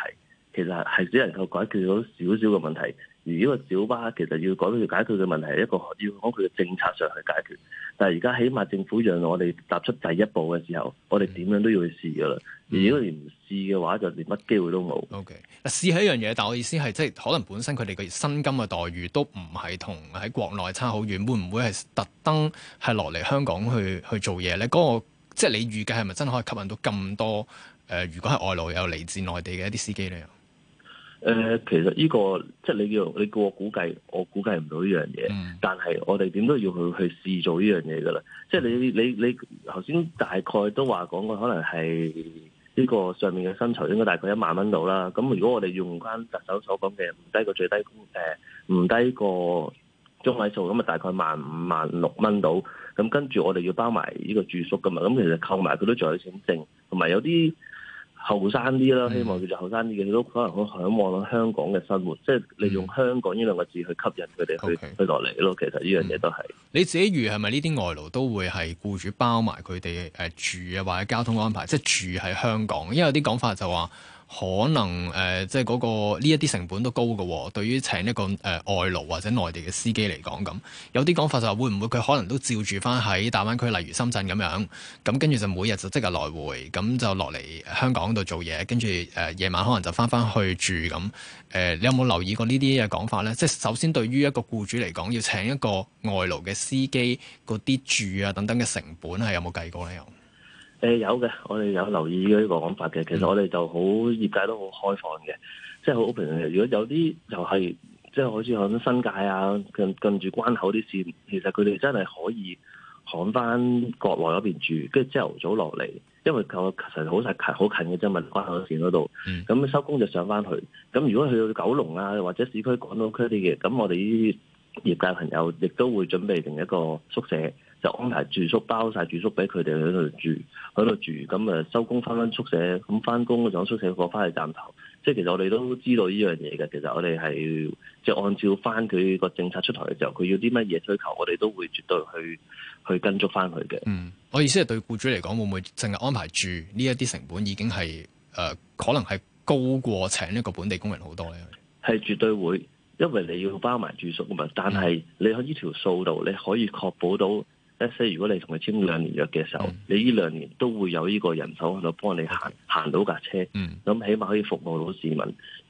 其實係只能夠解決到少少嘅問題。如果個小巴其實要講到要解決嘅問題係一個要講佢嘅政策上去解決，但係而家起碼政府讓我哋踏出第一步嘅時候，我哋點樣都要去試㗎喇。如果連唔試嘅話，就連乜機會都冇。O K，嗱試係一樣嘢，但我意思係即係可能本身佢哋嘅薪金嘅待遇都唔係同喺國內差好遠，會唔會係特登係落嚟香港去去做嘢咧？嗰、那個即係你預計係咪真係可以吸引到咁多誒、呃？如果係外勞又來又嚟自內地嘅一啲司機咧？誒、呃，其實呢、這個即係你叫你叫我估計，我估計唔到呢樣嘢。但係我哋點都要去去試做呢樣嘢㗎啦。即係你你你頭先大概都話講過，可能係呢個上面嘅薪酬應該大概一萬蚊度啦。咁如果我哋用翻特首所講嘅唔低過最低工誒唔低過中位數，咁啊大概萬五萬六蚊到。咁跟住我哋要包埋呢個住宿㗎嘛。咁其實購埋佢都仲有錢剩，同埋有啲。後生啲啦，希望叫做後生啲嘅，你都可能好向往香港嘅生活，嗯、即係你用香港呢兩個字去吸引佢哋去 okay, 去落嚟咯。其實呢樣嘢都係、嗯、你自己，如係咪呢啲外勞都會係僱主包埋佢哋誒住啊，或者交通安排，即、就、係、是、住喺香港。因為有啲講法就話。可能誒，即係嗰呢一啲成本都高嘅喎、哦。對於請一個誒、呃、外勞或者內地嘅司機嚟講，咁有啲講法就話會唔會佢可能都照住翻喺大灣區，例如深圳咁樣。咁跟住就每日就即日來回，咁就落嚟香港度做嘢，跟住、呃、夜晚可能就翻返去住咁。誒、呃，你有冇留意過呢啲嘅講法呢？即係首先對於一個僱主嚟講，要請一個外勞嘅司機嗰啲住啊等等嘅成本係有冇計過呢？誒、嗯，有嘅，我哋有留意呢個講法嘅。其實我哋就好業界都好開放嘅，即係好 open 嘅。如果有啲就係、是、即係好似響新界啊，近近住關口啲線，其實佢哋真係可以行翻國內嗰邊住，跟住朝頭早落嚟，因為其實好實近好近嘅啫嘛，關口線嗰度。咁收工就上翻去。咁如果去到九龍啊，或者市區、港島區啲嘅，咁我哋啲業界的朋友亦都會準備另一個宿舍。就安排住宿，包晒住宿俾佢哋喺度住，喺度住咁啊！收工翻翻宿舍，咁翻工就喺宿舍過翻去站頭。即係其實我哋都知道呢樣嘢嘅。其實我哋係即係按照翻佢個政策出台嘅時候，佢要啲乜嘢需求，我哋都會絕對去去跟足翻佢嘅。嗯，我意思係對僱主嚟講，會唔會淨係安排住呢一啲成本，已經係誒、呃、可能係高過請一個本地工人好多咧？係絕對會，因為你要包埋住宿啊嘛。但係你喺呢條數度，你可以確保到。如果你同佢簽兩年約嘅時候，嗯、你呢兩年都會有呢個人手喺度幫你行、Okay. 行到架車，咁、嗯、起碼可以服務到市民。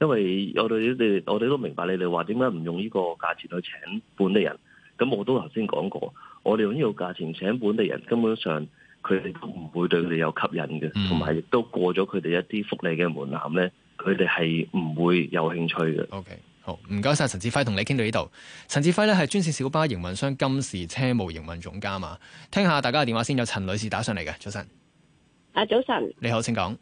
因為我哋你哋我哋都明白你哋話點解唔用呢個價錢去請本地人，咁我都頭先講過，我哋用呢個價錢請本地人，根本上佢哋都唔會對佢哋有吸引嘅，同埋亦都過咗佢哋一啲福利嘅門檻咧，佢哋係唔會有興趣嘅。OK。好，唔該晒陳志輝同你傾到呢度。陳志輝咧係專線小巴營運商金匙車務營運總監啊，聽下大家嘅電話先。有陳女士打上嚟嘅，早晨。啊，早晨。你好，請講。誒、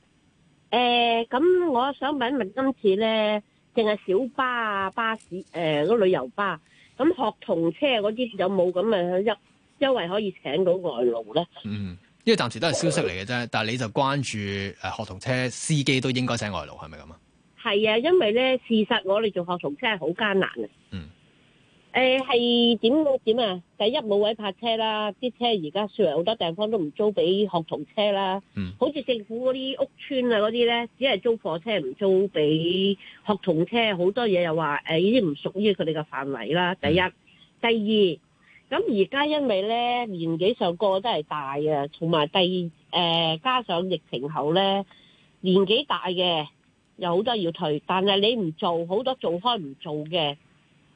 呃，咁我想問一問，今次咧淨係小巴啊、巴士誒嗰、呃那個，旅遊巴，咁學童車嗰啲有冇咁嘅優優惠可以請到外勞咧？嗯，因為暫時都係消息嚟嘅啫。但係你就關注誒學童車司機都應該請外勞，係咪咁啊？係啊，因為咧，事實我哋做學童車係好艱難啊。嗯。誒、呃，係點點啊？第一冇位泊車啦，啲車而家雖然好多地方都唔租俾學童車啦。嗯。好似政府嗰啲屋邨啊，嗰啲咧，只係租貨車，唔租俾學童車。好多嘢又話誒，呢、呃、唔屬於佢哋嘅範圍啦。第一，嗯、第二，咁而家因為咧年紀上個個都係大啊，同埋第二誒、呃、加上疫情後咧年紀大嘅。有好多要退，但係你唔做好多做開唔做嘅，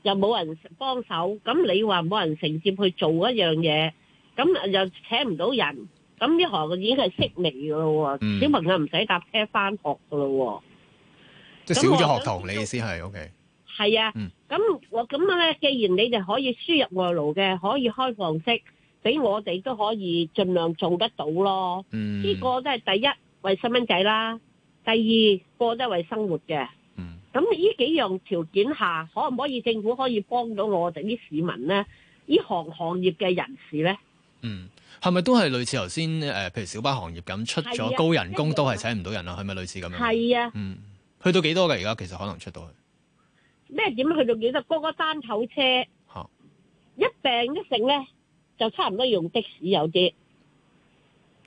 又冇人幫手，咁你話冇人承接去做一樣嘢，咁又請唔到人，咁呢行嘅已經係式微噶咯喎，小朋友唔使搭車翻學噶咯喎，即少咗學童，你意思係 O K？係啊，咁我咁樣咧，既然你哋可以輸入外勞嘅，可以開放式，俾我哋都可以盡量做得到咯，呢個都係第一為細蚊仔啦。第二過得為為生活嘅，咁、嗯、呢幾樣條件下，可唔可以政府可以幫到我哋啲市民咧？呢行行業嘅人士咧？嗯，係咪都係類似頭先誒，譬如小巴行業咁出咗高人工都係請唔到人啦？係咪、啊、類似咁樣？係啊，嗯，去到幾多㗎而家其實可能出到去咩點去到幾多？嗰個單頭車一病一成咧就差唔多要用的士有啲。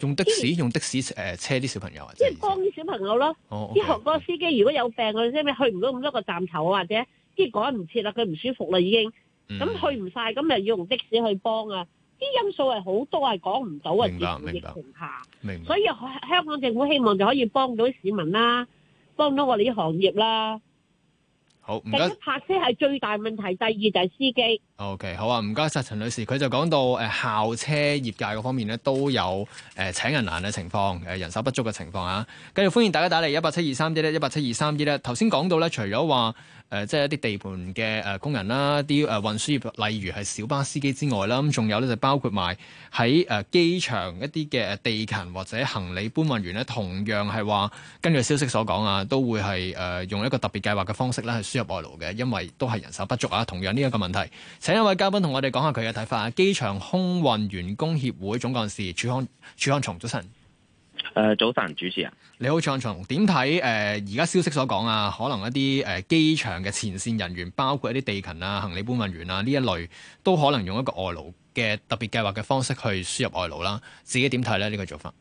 用的士用的士誒車啲、呃、小朋友，即係幫啲小朋友咯。啲行過司機如果有病，佢即係去唔到咁多個站頭，或者即係趕唔切啦，佢唔舒服啦已經。咁、嗯、去唔晒，咁又要用的士去幫啊。啲因素係好多係講唔到啊！喺疫情下，明明所以香港政府希望就可以幫到啲市民啦，幫到我哋啲行業啦。好唔該，泊車係最大問題，第二就係司機。OK，好啊，唔該晒陳女士，佢就講到誒校車業界嗰方面咧都有誒、呃、請人難嘅情況，誒、呃、人手不足嘅情況啊。繼續歡迎大家打嚟一八七二三一咧，一八七二三一咧。頭先講到咧，除咗話，誒，即係一啲地盤嘅誒工人啦，啲誒運輸業，例如係小巴司機之外啦，咁仲有咧就包括埋喺誒機場一啲嘅地勤或者行李搬運員咧，同樣係話根據消息所講啊，都會係誒用一個特別計劃嘅方式咧去輸入外勞嘅，因為都係人手不足啊。同樣呢一個問題，請一位嘉賓同我哋講下佢嘅睇法啊。機場空運員工協會總幹事儲漢儲漢松，早晨。誒、呃，早晨，主持人。你好，張崇，點睇誒？而、呃、家消息所講啊，可能一啲誒機場嘅前線人員，包括一啲地勤啊、行李搬運員啊呢一類，都可能用一個外勞嘅特別計劃嘅方式去輸入外勞啦、啊。自己點睇咧？呢、這個做法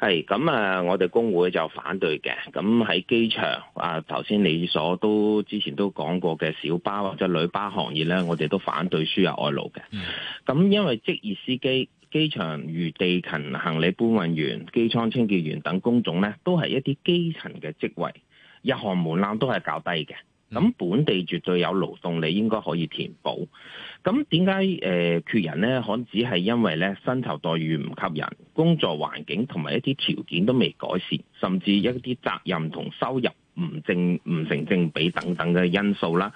係咁啊？我哋工會就反對嘅。咁喺機場啊，頭先你所都之前都講過嘅小巴或者旅巴行業咧，我哋都反對輸入外勞嘅。咁、嗯、因為職業司機。機場如地勤、行李搬運員、機艙清潔員等工種呢，都係一啲基層嘅職位，入行門檻都係較低嘅。咁本地絕對有勞動力應該可以填補。咁點解誒缺人呢？可能只係因為咧薪酬待遇唔吸引，工作環境同埋一啲條件都未改善，甚至一啲責任同收入唔正唔成正比等等嘅因素啦，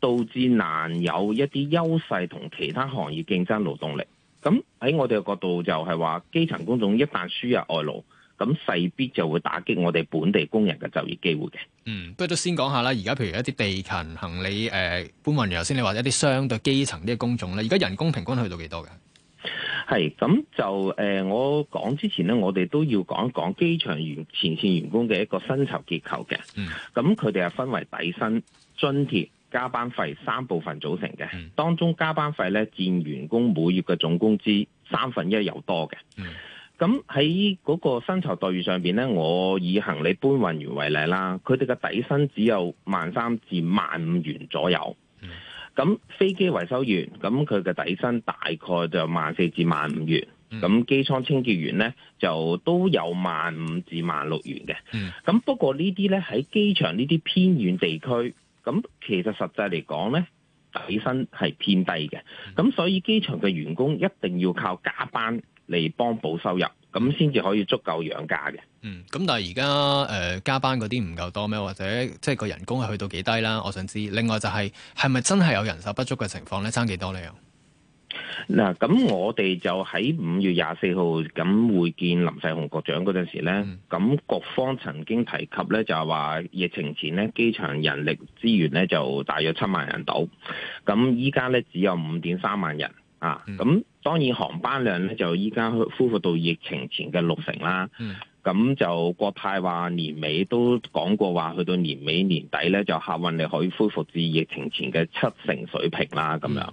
導致難有一啲優勢同其他行業競爭勞動力。咁喺我哋嘅角度就係話基層工種一旦輸入外勞，咁勢必就會打擊我哋本地工人嘅就業機會嘅。嗯，不如都先講下啦。而家譬如一啲地勤、行李、誒搬運員，頭先你話一啲相對基層啲嘅工種咧，而家人工平均去到幾多㗎？係咁就誒、呃，我講之前咧，我哋都要講一講機場員前線員工嘅一個薪酬結構嘅。嗯，咁佢哋係分為底薪津貼。加班費三部分組成嘅，當中加班費咧佔員工每月嘅總工資三分一又多嘅。咁喺嗰個薪酬待遇上邊咧，我以行李搬運員為例啦，佢哋嘅底薪只有萬三至萬五元左右。咁飛機維修員，咁佢嘅底薪大概就萬四至萬五元。咁機艙清潔員咧，就都有萬五至萬六元嘅。咁不過這些呢啲咧喺機場呢啲偏遠地區。咁其實實際嚟講咧，底薪係偏低嘅，咁、嗯、所以機場嘅員工一定要靠加班嚟幫補收入，咁先至可以足夠養家嘅。嗯，咁但係而家誒加班嗰啲唔夠多咩？或者即係個人工係去到幾低啦？我想知。另外就係係咪真係有人手不足嘅情況咧？爭幾多咧？嗱，咁我哋就喺五月廿四號咁會見林世雄局長嗰陣時呢。咁、嗯、各方曾經提及呢，就係話疫情前呢，機場人力資源呢就大約七萬人到。咁依家呢，只有五點三萬人啊，咁、嗯、當然航班量呢，就依家恢復到疫情前嘅六成啦，咁、嗯、就國泰話年尾都講過話去到年尾年底呢，就客運力可以恢復至疫情前嘅七成水平啦，咁、嗯、樣。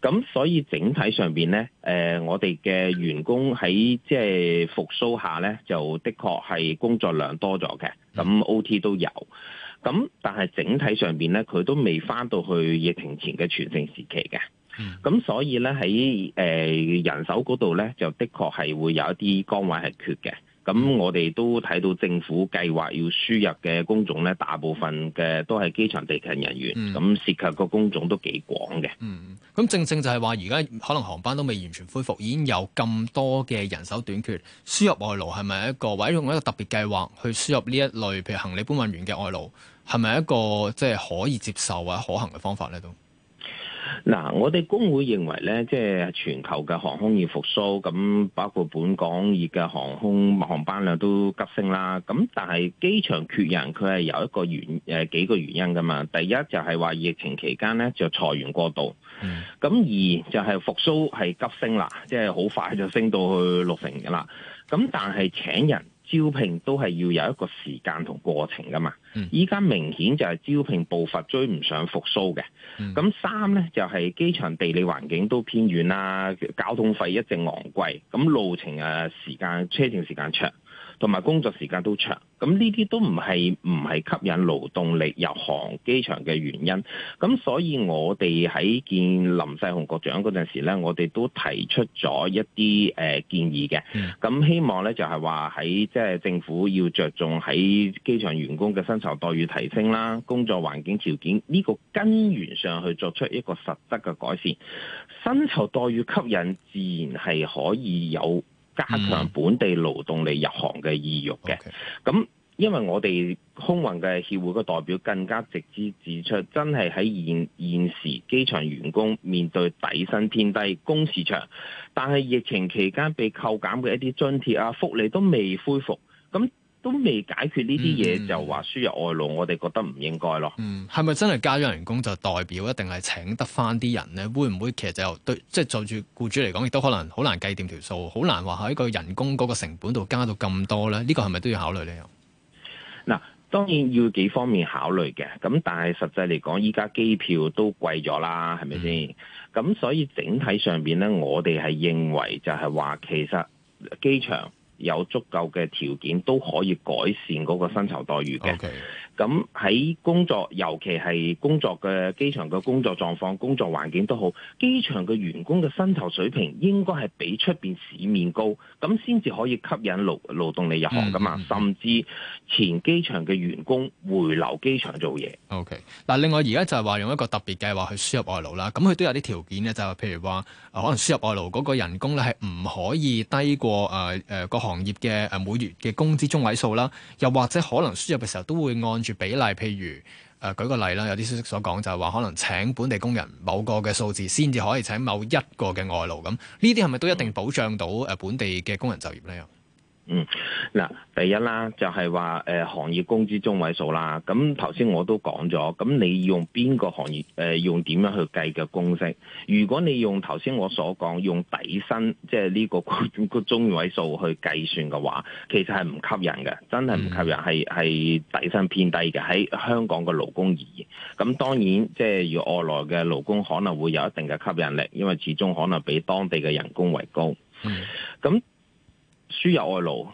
咁所以整體上面咧，誒、呃、我哋嘅員工喺即係復甦下咧，就的確係工作量多咗嘅，咁 OT 都有。咁但係整體上面咧，佢都未翻到去疫情前嘅全盛時期嘅。咁、嗯、所以咧喺、呃、人手嗰度咧，就的確係會有一啲崗位係缺嘅。咁我哋都睇到政府計劃要輸入嘅工種咧，大部分嘅都係機場地勤人員，咁涉及個工種都幾廣嘅。嗯，咁正正就係話，而家可能航班都未完全恢復，已經有咁多嘅人手短缺，輸入外勞係咪一個或者用一個特別計劃去輸入呢一類，譬如行李搬運員嘅外勞，係咪一個即係、就是、可以接受或者可行嘅方法咧？都？嗱，我哋工會認為咧，即係全球嘅航空業復蘇，咁包括本港而嘅航空航班量都急升啦。咁但係機場缺人，佢係有一個原誒幾個原因噶嘛。第一就係話疫情期間咧就裁員過度，咁、嗯、二就係復蘇係急升啦，即係好快就升到去六成噶啦。咁但係請人。招聘都係要有一個時間同過程噶嘛，依家明顯就係招聘步伐追唔上復蘇嘅。咁三咧就係、是、機場地理環境都偏遠啦，交通費一直昂貴，咁路程誒時間車程時間長。同埋工作時間都長，咁呢啲都唔係唔係吸引勞動力入行機場嘅原因。咁所以我哋喺見林世雄局長嗰陣時咧，我哋都提出咗一啲誒、呃、建議嘅。咁希望咧就係話喺即係政府要着重喺機場員工嘅薪酬待遇提升啦，工作環境條件呢、呢個根源上去作出一個實質嘅改善，薪酬待遇吸引自然係可以有。嗯、加強本地勞動力入行嘅意欲嘅，咁、okay. 因為我哋空運嘅協會嘅代表更加直接指出，真係喺現現時機場員工面對底薪偏低、工時長，但係疫情期間被扣減嘅一啲津貼啊、福利都未恢復，咁。都未解決呢啲嘢就話輸入外勞，我哋覺得唔應該咯。嗯，係咪真係加咗人工就代表一定係請得翻啲人呢？會唔會其實就對，即係就住、是、僱主嚟講，亦都可能好難計掂條數，好難話喺個人工嗰個成本度加到咁多呢？呢、這個係咪都要考慮呢？嗱，當然要幾方面考慮嘅。咁但係實際嚟講，依家機票都貴咗啦，係咪先？咁、嗯、所以整體上邊呢，我哋係認為就係話其實機場。有足夠嘅條件都可以改善嗰個薪酬待遇嘅。Okay. 咁喺工作，尤其係工作嘅機場嘅工作狀況，工作環境都好，機場嘅員工嘅薪酬水平應該係比出邊市面高，咁先至可以吸引勞勞動力入行噶嘛。嗯嗯嗯甚至前機場嘅員工回流機場做嘢。O K，嗱，另外而家就係話用一個特別計劃去輸入外勞啦，咁佢都有啲條件咧，就係譬如話可能輸入外勞嗰個人工咧係唔可以低過誒誒個行業嘅誒每月嘅工資中位數啦，又或者可能輸入嘅時候都會按。比例，譬如誒舉個例啦，有啲消息所講就係話，可能請本地工人某個嘅數字，先至可以請某一個嘅外勞咁。呢啲係咪都一定保障到誒本地嘅工人就業呢？嗯，嗱，第一啦，就係話誒，行業工資中位數啦。咁頭先我都講咗，咁你用邊個行業誒、呃，用點樣去計嘅公式？如果你用頭先我所講用底薪，即係、呢、呢個、呢個呢個中位數去計算嘅話，其實係唔吸引嘅，真係唔吸引，係、嗯、係底薪偏低嘅。喺香港嘅勞工而言，咁當然即係要外來嘅勞工可能會有一定嘅吸引力，因為始終可能比當地嘅人工為高。咁、嗯輸入外勞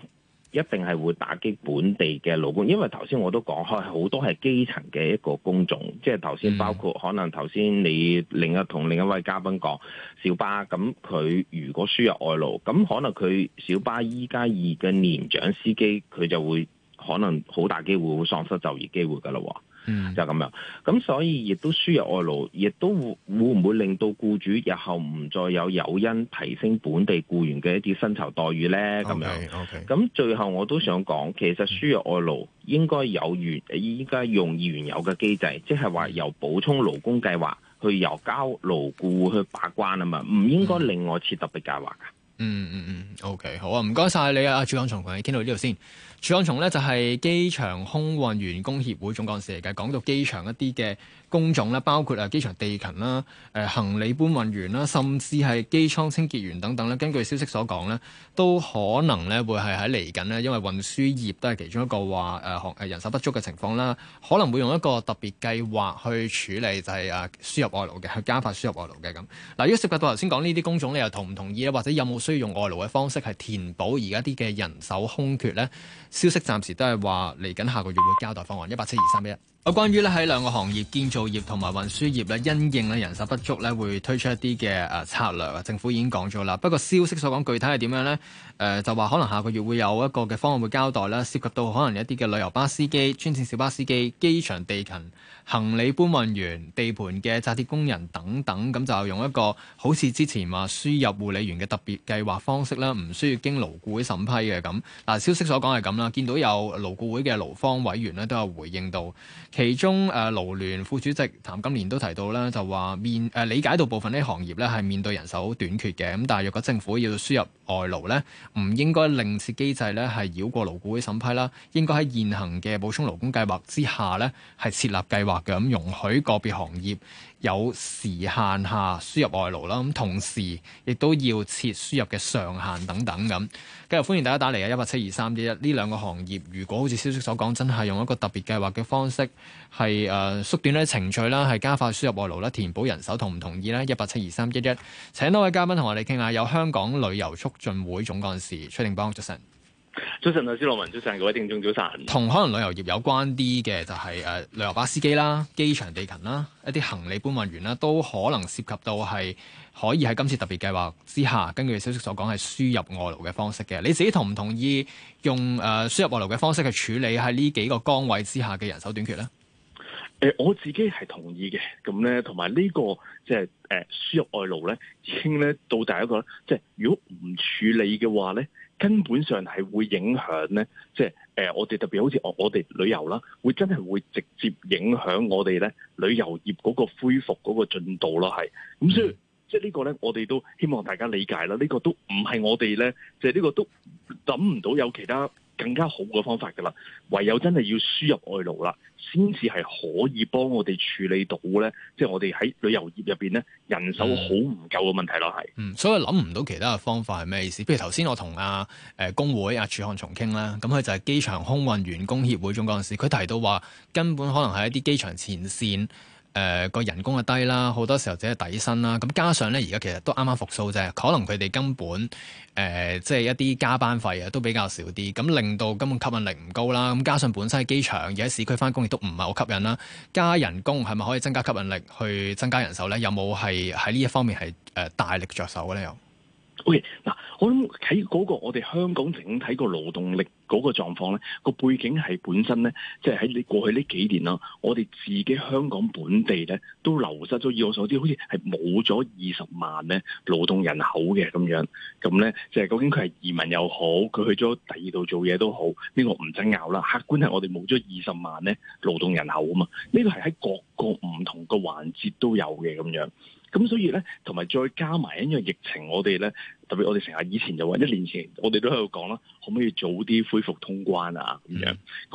一定係會打擊本地嘅勞工，因為頭先我都講開，好多係基層嘅一個工種，即係頭先包括、嗯、可能頭先你另一同另一位嘉賓講小巴，咁佢如果輸入外勞，咁可能佢小巴依家二嘅年長司機，佢就會可能好大機會會喪失就業機會噶咯。嗯 *noise* 就咁樣，咁所以亦都輸入外勞，亦都會唔會令到僱主日後唔再有誘因提升本地僱員嘅一啲薪酬待遇呢？咁樣，咁、okay, okay. 最後我都想講，其實輸入外勞應該有原，應該用原有嘅機制，即係話由補充勞工計劃去由交勞顧去把關啊嘛，唔應該另外設特別計劃噶。嗯嗯嗯，OK，好謝謝啊，唔該晒你啊，儲漢松，我哋傾到呢度先。儲漢松咧就係、是、機場空運員工協會總幹事嚟嘅，講到機場一啲嘅。工種咧包括啊機場地勤啦、誒行李搬運員啦，甚至係機艙清潔員等等咧。根據消息所講咧，都可能咧會係喺嚟緊咧，因為運輸業都係其中一個話誒人手不足嘅情況啦，可能會用一個特別計劃去處理，就係誒輸入外勞嘅，去加快輸入外勞嘅咁。嗱，如果涉及到頭先講呢啲工種，你又同唔同意咧？或者有冇需要用外勞嘅方式去填補而家啲嘅人手空缺呢？消息暫時都係話嚟緊下個月會交代方案一八七二三一一。172, 3, 我關於咧喺兩個行業，建造業同埋運輸業咧，因應咧人手不足咧，會推出一啲嘅策略。政府已經講咗啦，不過消息所講具體係點樣呢？呃、就話可能下個月會有一個嘅方案會交代啦，涉及到可能一啲嘅旅遊巴司機、專線小巴司機、機場地勤。行李搬運員、地盤嘅紮鐵工人等等，咁就用一個好似之前話輸入護理員嘅特別計劃方式啦，唔需要經勞顧會審批嘅咁。嗱，消息所講係咁啦，見到有勞顧會嘅勞方委員呢都有回應到，其中誒、啊、勞聯副主席譚金蓮都提到啦，就話面誒、啊、理解到部分呢行業呢係面對人手短缺嘅，咁但係若果政府要輸入外勞呢，唔應該另設機制呢係繞過勞顧會審批啦，應該喺現行嘅補充勞工計劃之下呢係設立計劃。咁容許個別行業有時限下輸入外勞啦，咁同時亦都要設輸入嘅上限等等咁。繼續歡迎大家打嚟啊！一八七二三一一。呢兩個行業，如果好似消息所講，真係用一個特別計劃嘅方式，係誒、呃、縮短咧程序啦，係加快輸入外勞啦，填補人手同唔同意咧？一八七二三一一，請多位嘉賓同我哋傾下，有香港旅遊促進會總幹事崔定邦，早晨。.早晨啊，施羅文，早晨各位聽眾，早晨。同可能旅遊業有關啲嘅就係、是、誒、呃、旅遊巴司機啦、機場地勤啦、一啲行李搬運員啦，都可能涉及到係可以喺今次特別計劃之下，根據消息所講係輸入外勞嘅方式嘅。你自己同唔同意用誒、呃、輸入外勞嘅方式去處理喺呢幾個崗位之下嘅人手短缺咧？誒、呃，我自己係同意嘅。咁咧，同埋呢個即係誒輸入外勞咧，已經咧到第一個咧，即、就、係、是、如果唔處理嘅話咧。根本上係會影響咧，即係誒，我哋特別好似我我哋旅遊啦，會真係會直接影響我哋咧旅遊業嗰個恢復嗰個進度咯，係。咁所以即係呢個咧，我哋都希望大家理解啦。呢個都唔係我哋咧，即係呢個都諗唔到有其他。更加好嘅方法噶啦，唯有真係要輸入外勞啦，先至係可以幫我哋處理到咧，即係我哋喺旅遊業入邊咧人手好唔夠嘅問題咯，係。嗯，所以諗唔到其他嘅方法係咩意思？譬如頭先我同阿誒工會阿、啊、儲漢松傾啦，咁佢就係機場空運員工協會中嗰陣時，佢提到話根本可能係一啲機場前線。誒個人工嘅低啦，好多時候只係底薪啦，咁加上咧而家其實都啱啱復蘇啫，可能佢哋根本誒即係一啲加班費啊都比較少啲，咁令到根本吸引力唔高啦。咁加上本身喺機場而喺市區翻工亦都唔係好吸引啦。加人工係咪可以增加吸引力去增加人手咧？有冇係喺呢一方面係大力着手嘅咧？又？O.K. 嗱，我諗喺嗰個我哋香港整體個勞動力嗰個狀況咧，個背景係本身咧，即係喺你過去呢幾年啦，我哋自己香港本地咧都流失咗。以我所知，好似係冇咗二十萬咧勞動人口嘅咁樣。咁咧，即係究竟佢係移民又好，佢去咗第二度做嘢都好，呢個唔使拗啦。客觀係我哋冇咗二十萬咧勞動人口啊嘛。呢個係喺各個唔同個環節都有嘅咁樣。咁所以咧，同埋再加埋一樣疫情，我哋咧特別，我哋成日以前就話，一年前我哋都喺度講啦，可唔可以早啲恢復通關啊咁樣？咁、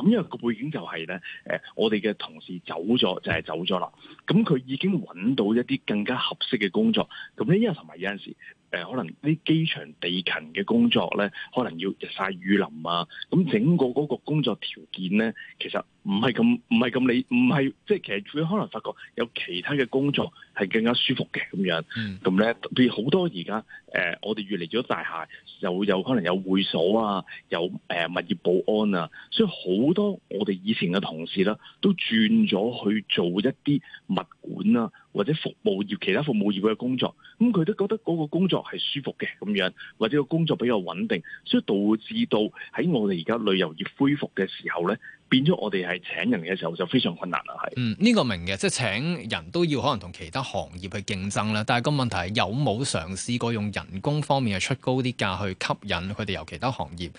yeah. 因為個背景就係、是、咧，誒，我哋嘅同事走咗就係、是、走咗啦，咁佢已經揾到一啲更加合適嘅工作。咁咧，因為同埋有陣時。誒，可能啲機場地勤嘅工作咧，可能要日曬雨淋啊，咁整個嗰個工作條件咧，其實唔係咁唔係咁理，唔係即係其實佢可能發覺有其他嘅工作係更加舒服嘅咁樣。咁、嗯、咧，譬如好多而家誒，我哋越嚟越咗大廈，又有可能有會所啊，有誒物業保安啊，所以好多我哋以前嘅同事啦，都轉咗去做一啲物管啊。或者服務業其他服務業嘅工作，咁、嗯、佢都覺得嗰個工作係舒服嘅咁樣，或者個工作比較穩定，所以導致到喺我哋而家旅遊業恢復嘅時候咧。變咗我哋係請人嘅時候就非常困難啦，係，嗯，呢個明嘅，即係請人都要可能同其他行業去競爭啦。但係個問題係有冇嘗試過用人工方面嘅出高啲價去吸引佢哋由其他行業誒、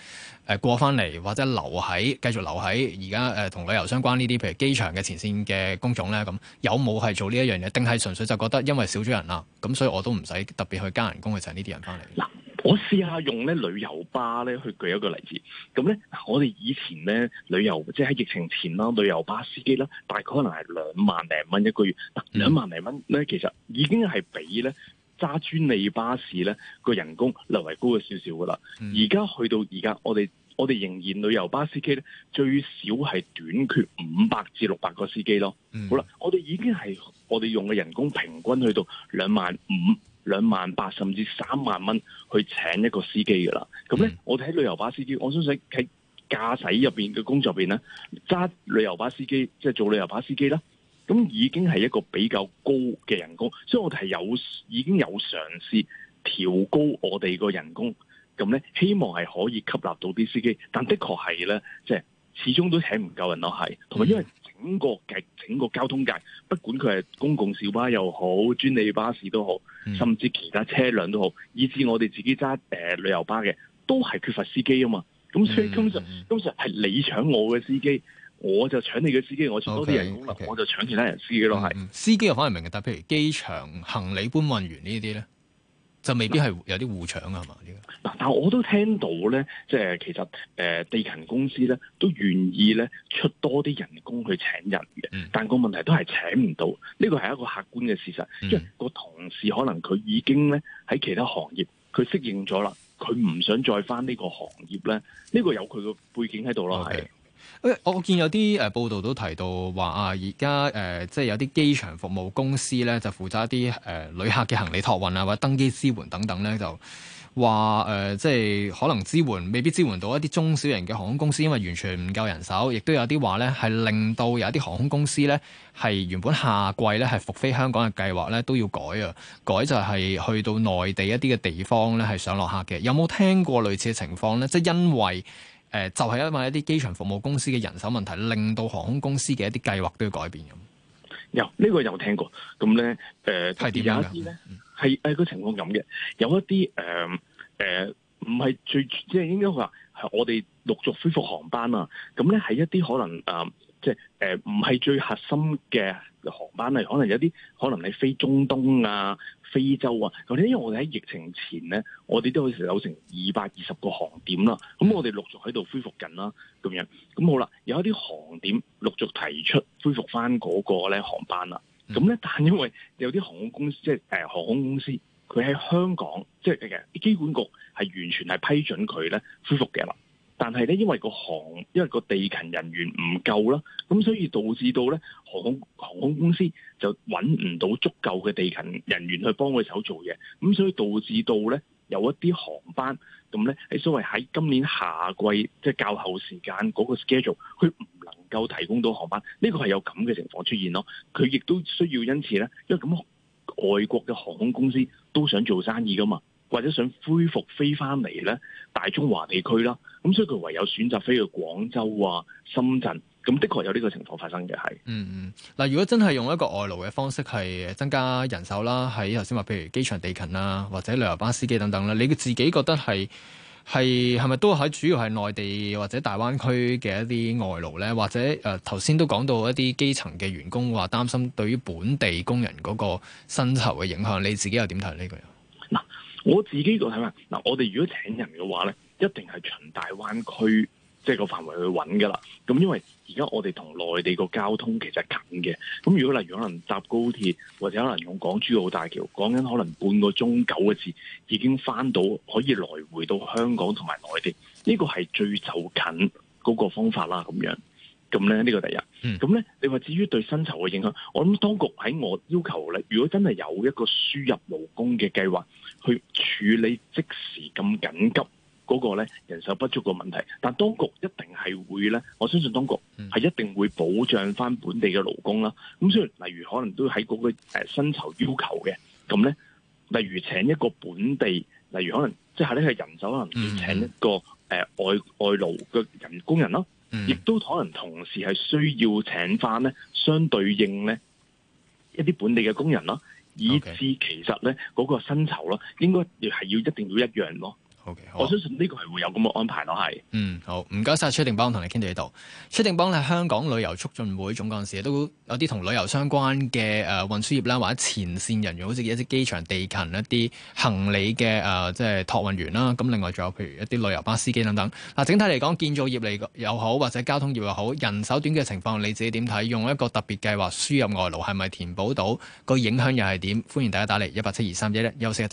呃、過翻嚟，或者留喺繼續留喺而家誒同旅遊相關呢啲，譬如機場嘅前線嘅工種咧，咁有冇係做呢一樣嘢？定係純粹就覺得因為少咗人啦，咁所以我都唔使特別去加人工去請呢啲人翻嚟啦。我試下用咧，旅遊巴咧去舉一個例子，咁咧，我哋以前咧旅遊，即係喺疫情前啦，旅遊巴司機啦，大概可能係兩萬零蚊一個月。嗱、嗯，兩萬零蚊咧，其實已經係比咧揸專利巴士咧個人工略為高咗少少噶啦。而、嗯、家去到而家，我哋我哋仍然旅遊巴司機咧最少係短缺五百至六百個司機咯。嗯、好啦，我哋已經係我哋用嘅人工平均去到兩萬五。兩萬八甚至三萬蚊去請一個司機噶啦，咁咧我哋喺旅遊巴司機，我相信喺駕駛入邊嘅工作入邊咧，揸旅遊巴司機即係做旅遊巴司機啦，咁已經係一個比較高嘅人工，所以我哋係有已經有嘗試調高我哋個人工，咁咧希望係可以吸納到啲司機，但的確係咧，即係始終都請唔夠人咯，係同埋因為。整個界，整個交通界，不管佢係公共小巴又好，專利巴士都好，甚至其他車輛都好，以至我哋自己揸誒、呃、旅遊巴嘅，都係缺乏司機啊嘛。咁所以通常，通常係你搶我嘅司機，我就搶你嘅司機，我出多啲人工啦，okay, okay。我就搶其他人司機咯。係、嗯、司機又可能明嘅，但譬如機場行李搬運員這些呢啲咧。就未必係有啲互搶啊嘛，嘛，嗱，但係我都聽到咧，即係其實地勤公司咧都願意咧出多啲人工去請人嘅、嗯，但個問題都係請唔到。呢個係一個客觀嘅事實，即、嗯、係個同事可能佢已經咧喺其他行業佢適應咗啦，佢唔想再返呢個行業咧。呢、呢個有佢嘅背景喺度咯，okay. 哎、我見有啲誒、呃、報道都提到話啊，而家誒即係有啲機場服務公司咧，就負責一啲誒、呃、旅客嘅行李託運啊，或者登機支援等等咧，就話誒、呃、即係可能支援，未必支援到一啲中小型嘅航空公司，因為完全唔夠人手。亦都有啲話咧，係令到有一啲航空公司咧，係原本夏季咧係復飛香港嘅計劃咧都要改啊，改就係去到內地一啲嘅地方咧係上落客嘅。有冇聽過類似嘅情況咧？即係因為。誒、呃、就係因為一啲機場服務公司嘅人手問題，令到航空公司嘅一啲計劃都要改變咁。有呢、呢個有聽過，咁咧誒係點樣啊？有一啲咧係誒個情況咁嘅，有一啲誒誒唔係最即係應該話係我哋陸續恢復航班啊。咁咧係一啲可能誒，即係誒唔係最核心嘅航班啊。可能有啲可能你飛中東啊。非洲啊，咁因為我哋喺疫情前咧，我哋都好似有成二百二十個航點啦，咁我哋陸續喺度恢復緊啦，咁樣，咁好啦，有一啲航點陸續提出恢復翻嗰個咧航班啦，咁咧，但因為有啲航空公司，即係誒航空公司，佢喺香港，即係嘅機管局係完全係批准佢咧恢復嘅啦。但係咧，因為個航，因為個地勤人員唔夠啦，咁所以導致到咧航空航空公司就揾唔到足夠嘅地勤人員去幫佢手做嘢，咁所以導致到咧有一啲航班，咁咧係所謂喺今年夏季即係較後時間嗰個 schedule，佢唔能夠提供到航班，呢個係有咁嘅情況出現咯。佢亦都需要因此咧，因為咁外國嘅航空公司都想做生意噶嘛。或者想恢復飛翻嚟咧大中華地區啦，咁所以佢唯有選擇飛去廣州啊、深圳，咁的確有呢個情況發生嘅，係。嗯嗯，嗱，如果真係用一個外勞嘅方式係增加人手啦，喺頭先話譬如機場地勤啊，或者旅遊巴司機等等啦，你自己覺得係係係咪都喺主要係內地或者大灣區嘅一啲外勞咧？或者誒頭先都講到一啲基層嘅員工話擔心對於本地工人嗰個薪酬嘅影響，你自己又點睇呢個？我自己就睇下，嗱，我哋如果請人嘅話咧，一定係循大灣區即係個範圍去揾噶啦。咁因為而家我哋同內地個交通其實近嘅，咁如果例如可能搭高鐵或者可能用港珠澳大橋，講緊可能半個鐘九個字已經返到可以來回到香港同埋內地，呢個係最就近嗰個方法啦，咁樣。咁咧呢個第一，咁咧你話，至於對薪酬嘅影響，我諗當局喺我要求咧，如果真係有一個輸入勞工嘅計劃去處理即時咁緊急嗰個咧人手不足嘅問題，但當局一定係會咧，我相信當局係一定會保障翻本地嘅勞工啦。咁所以例如可能都喺嗰個誒薪酬要求嘅，咁咧例如請一個本地，例如可能即係咧係人手啦，可能要請一個誒外外勞嘅人工人咯。嗯嗯。亦、嗯、都可能同時係需要請翻咧相對應咧一啲本地嘅工人咯，okay。以至其實咧個薪酬咯，應該要係要一定要一樣咯。我相信呢個係會有咁嘅安排咯，係。嗯，好，唔該晒。崔定邦同你傾到呢度。崔定邦咧，香港旅遊促進會總幹事，都有啲同旅遊相關嘅誒運輸業啦，或者前線人員，好似一啲機場地勤一啲行李嘅誒、呃，即係託運員啦。咁另外仲有譬如一啲旅遊巴司機等等。嗱，整體嚟講，建造業嚟又好，或者交通業又好，人手短缺情況，你自己點睇？用一個特別計劃輸入外勞係咪填補到個影響又係點？歡迎大家打嚟一八七二三一一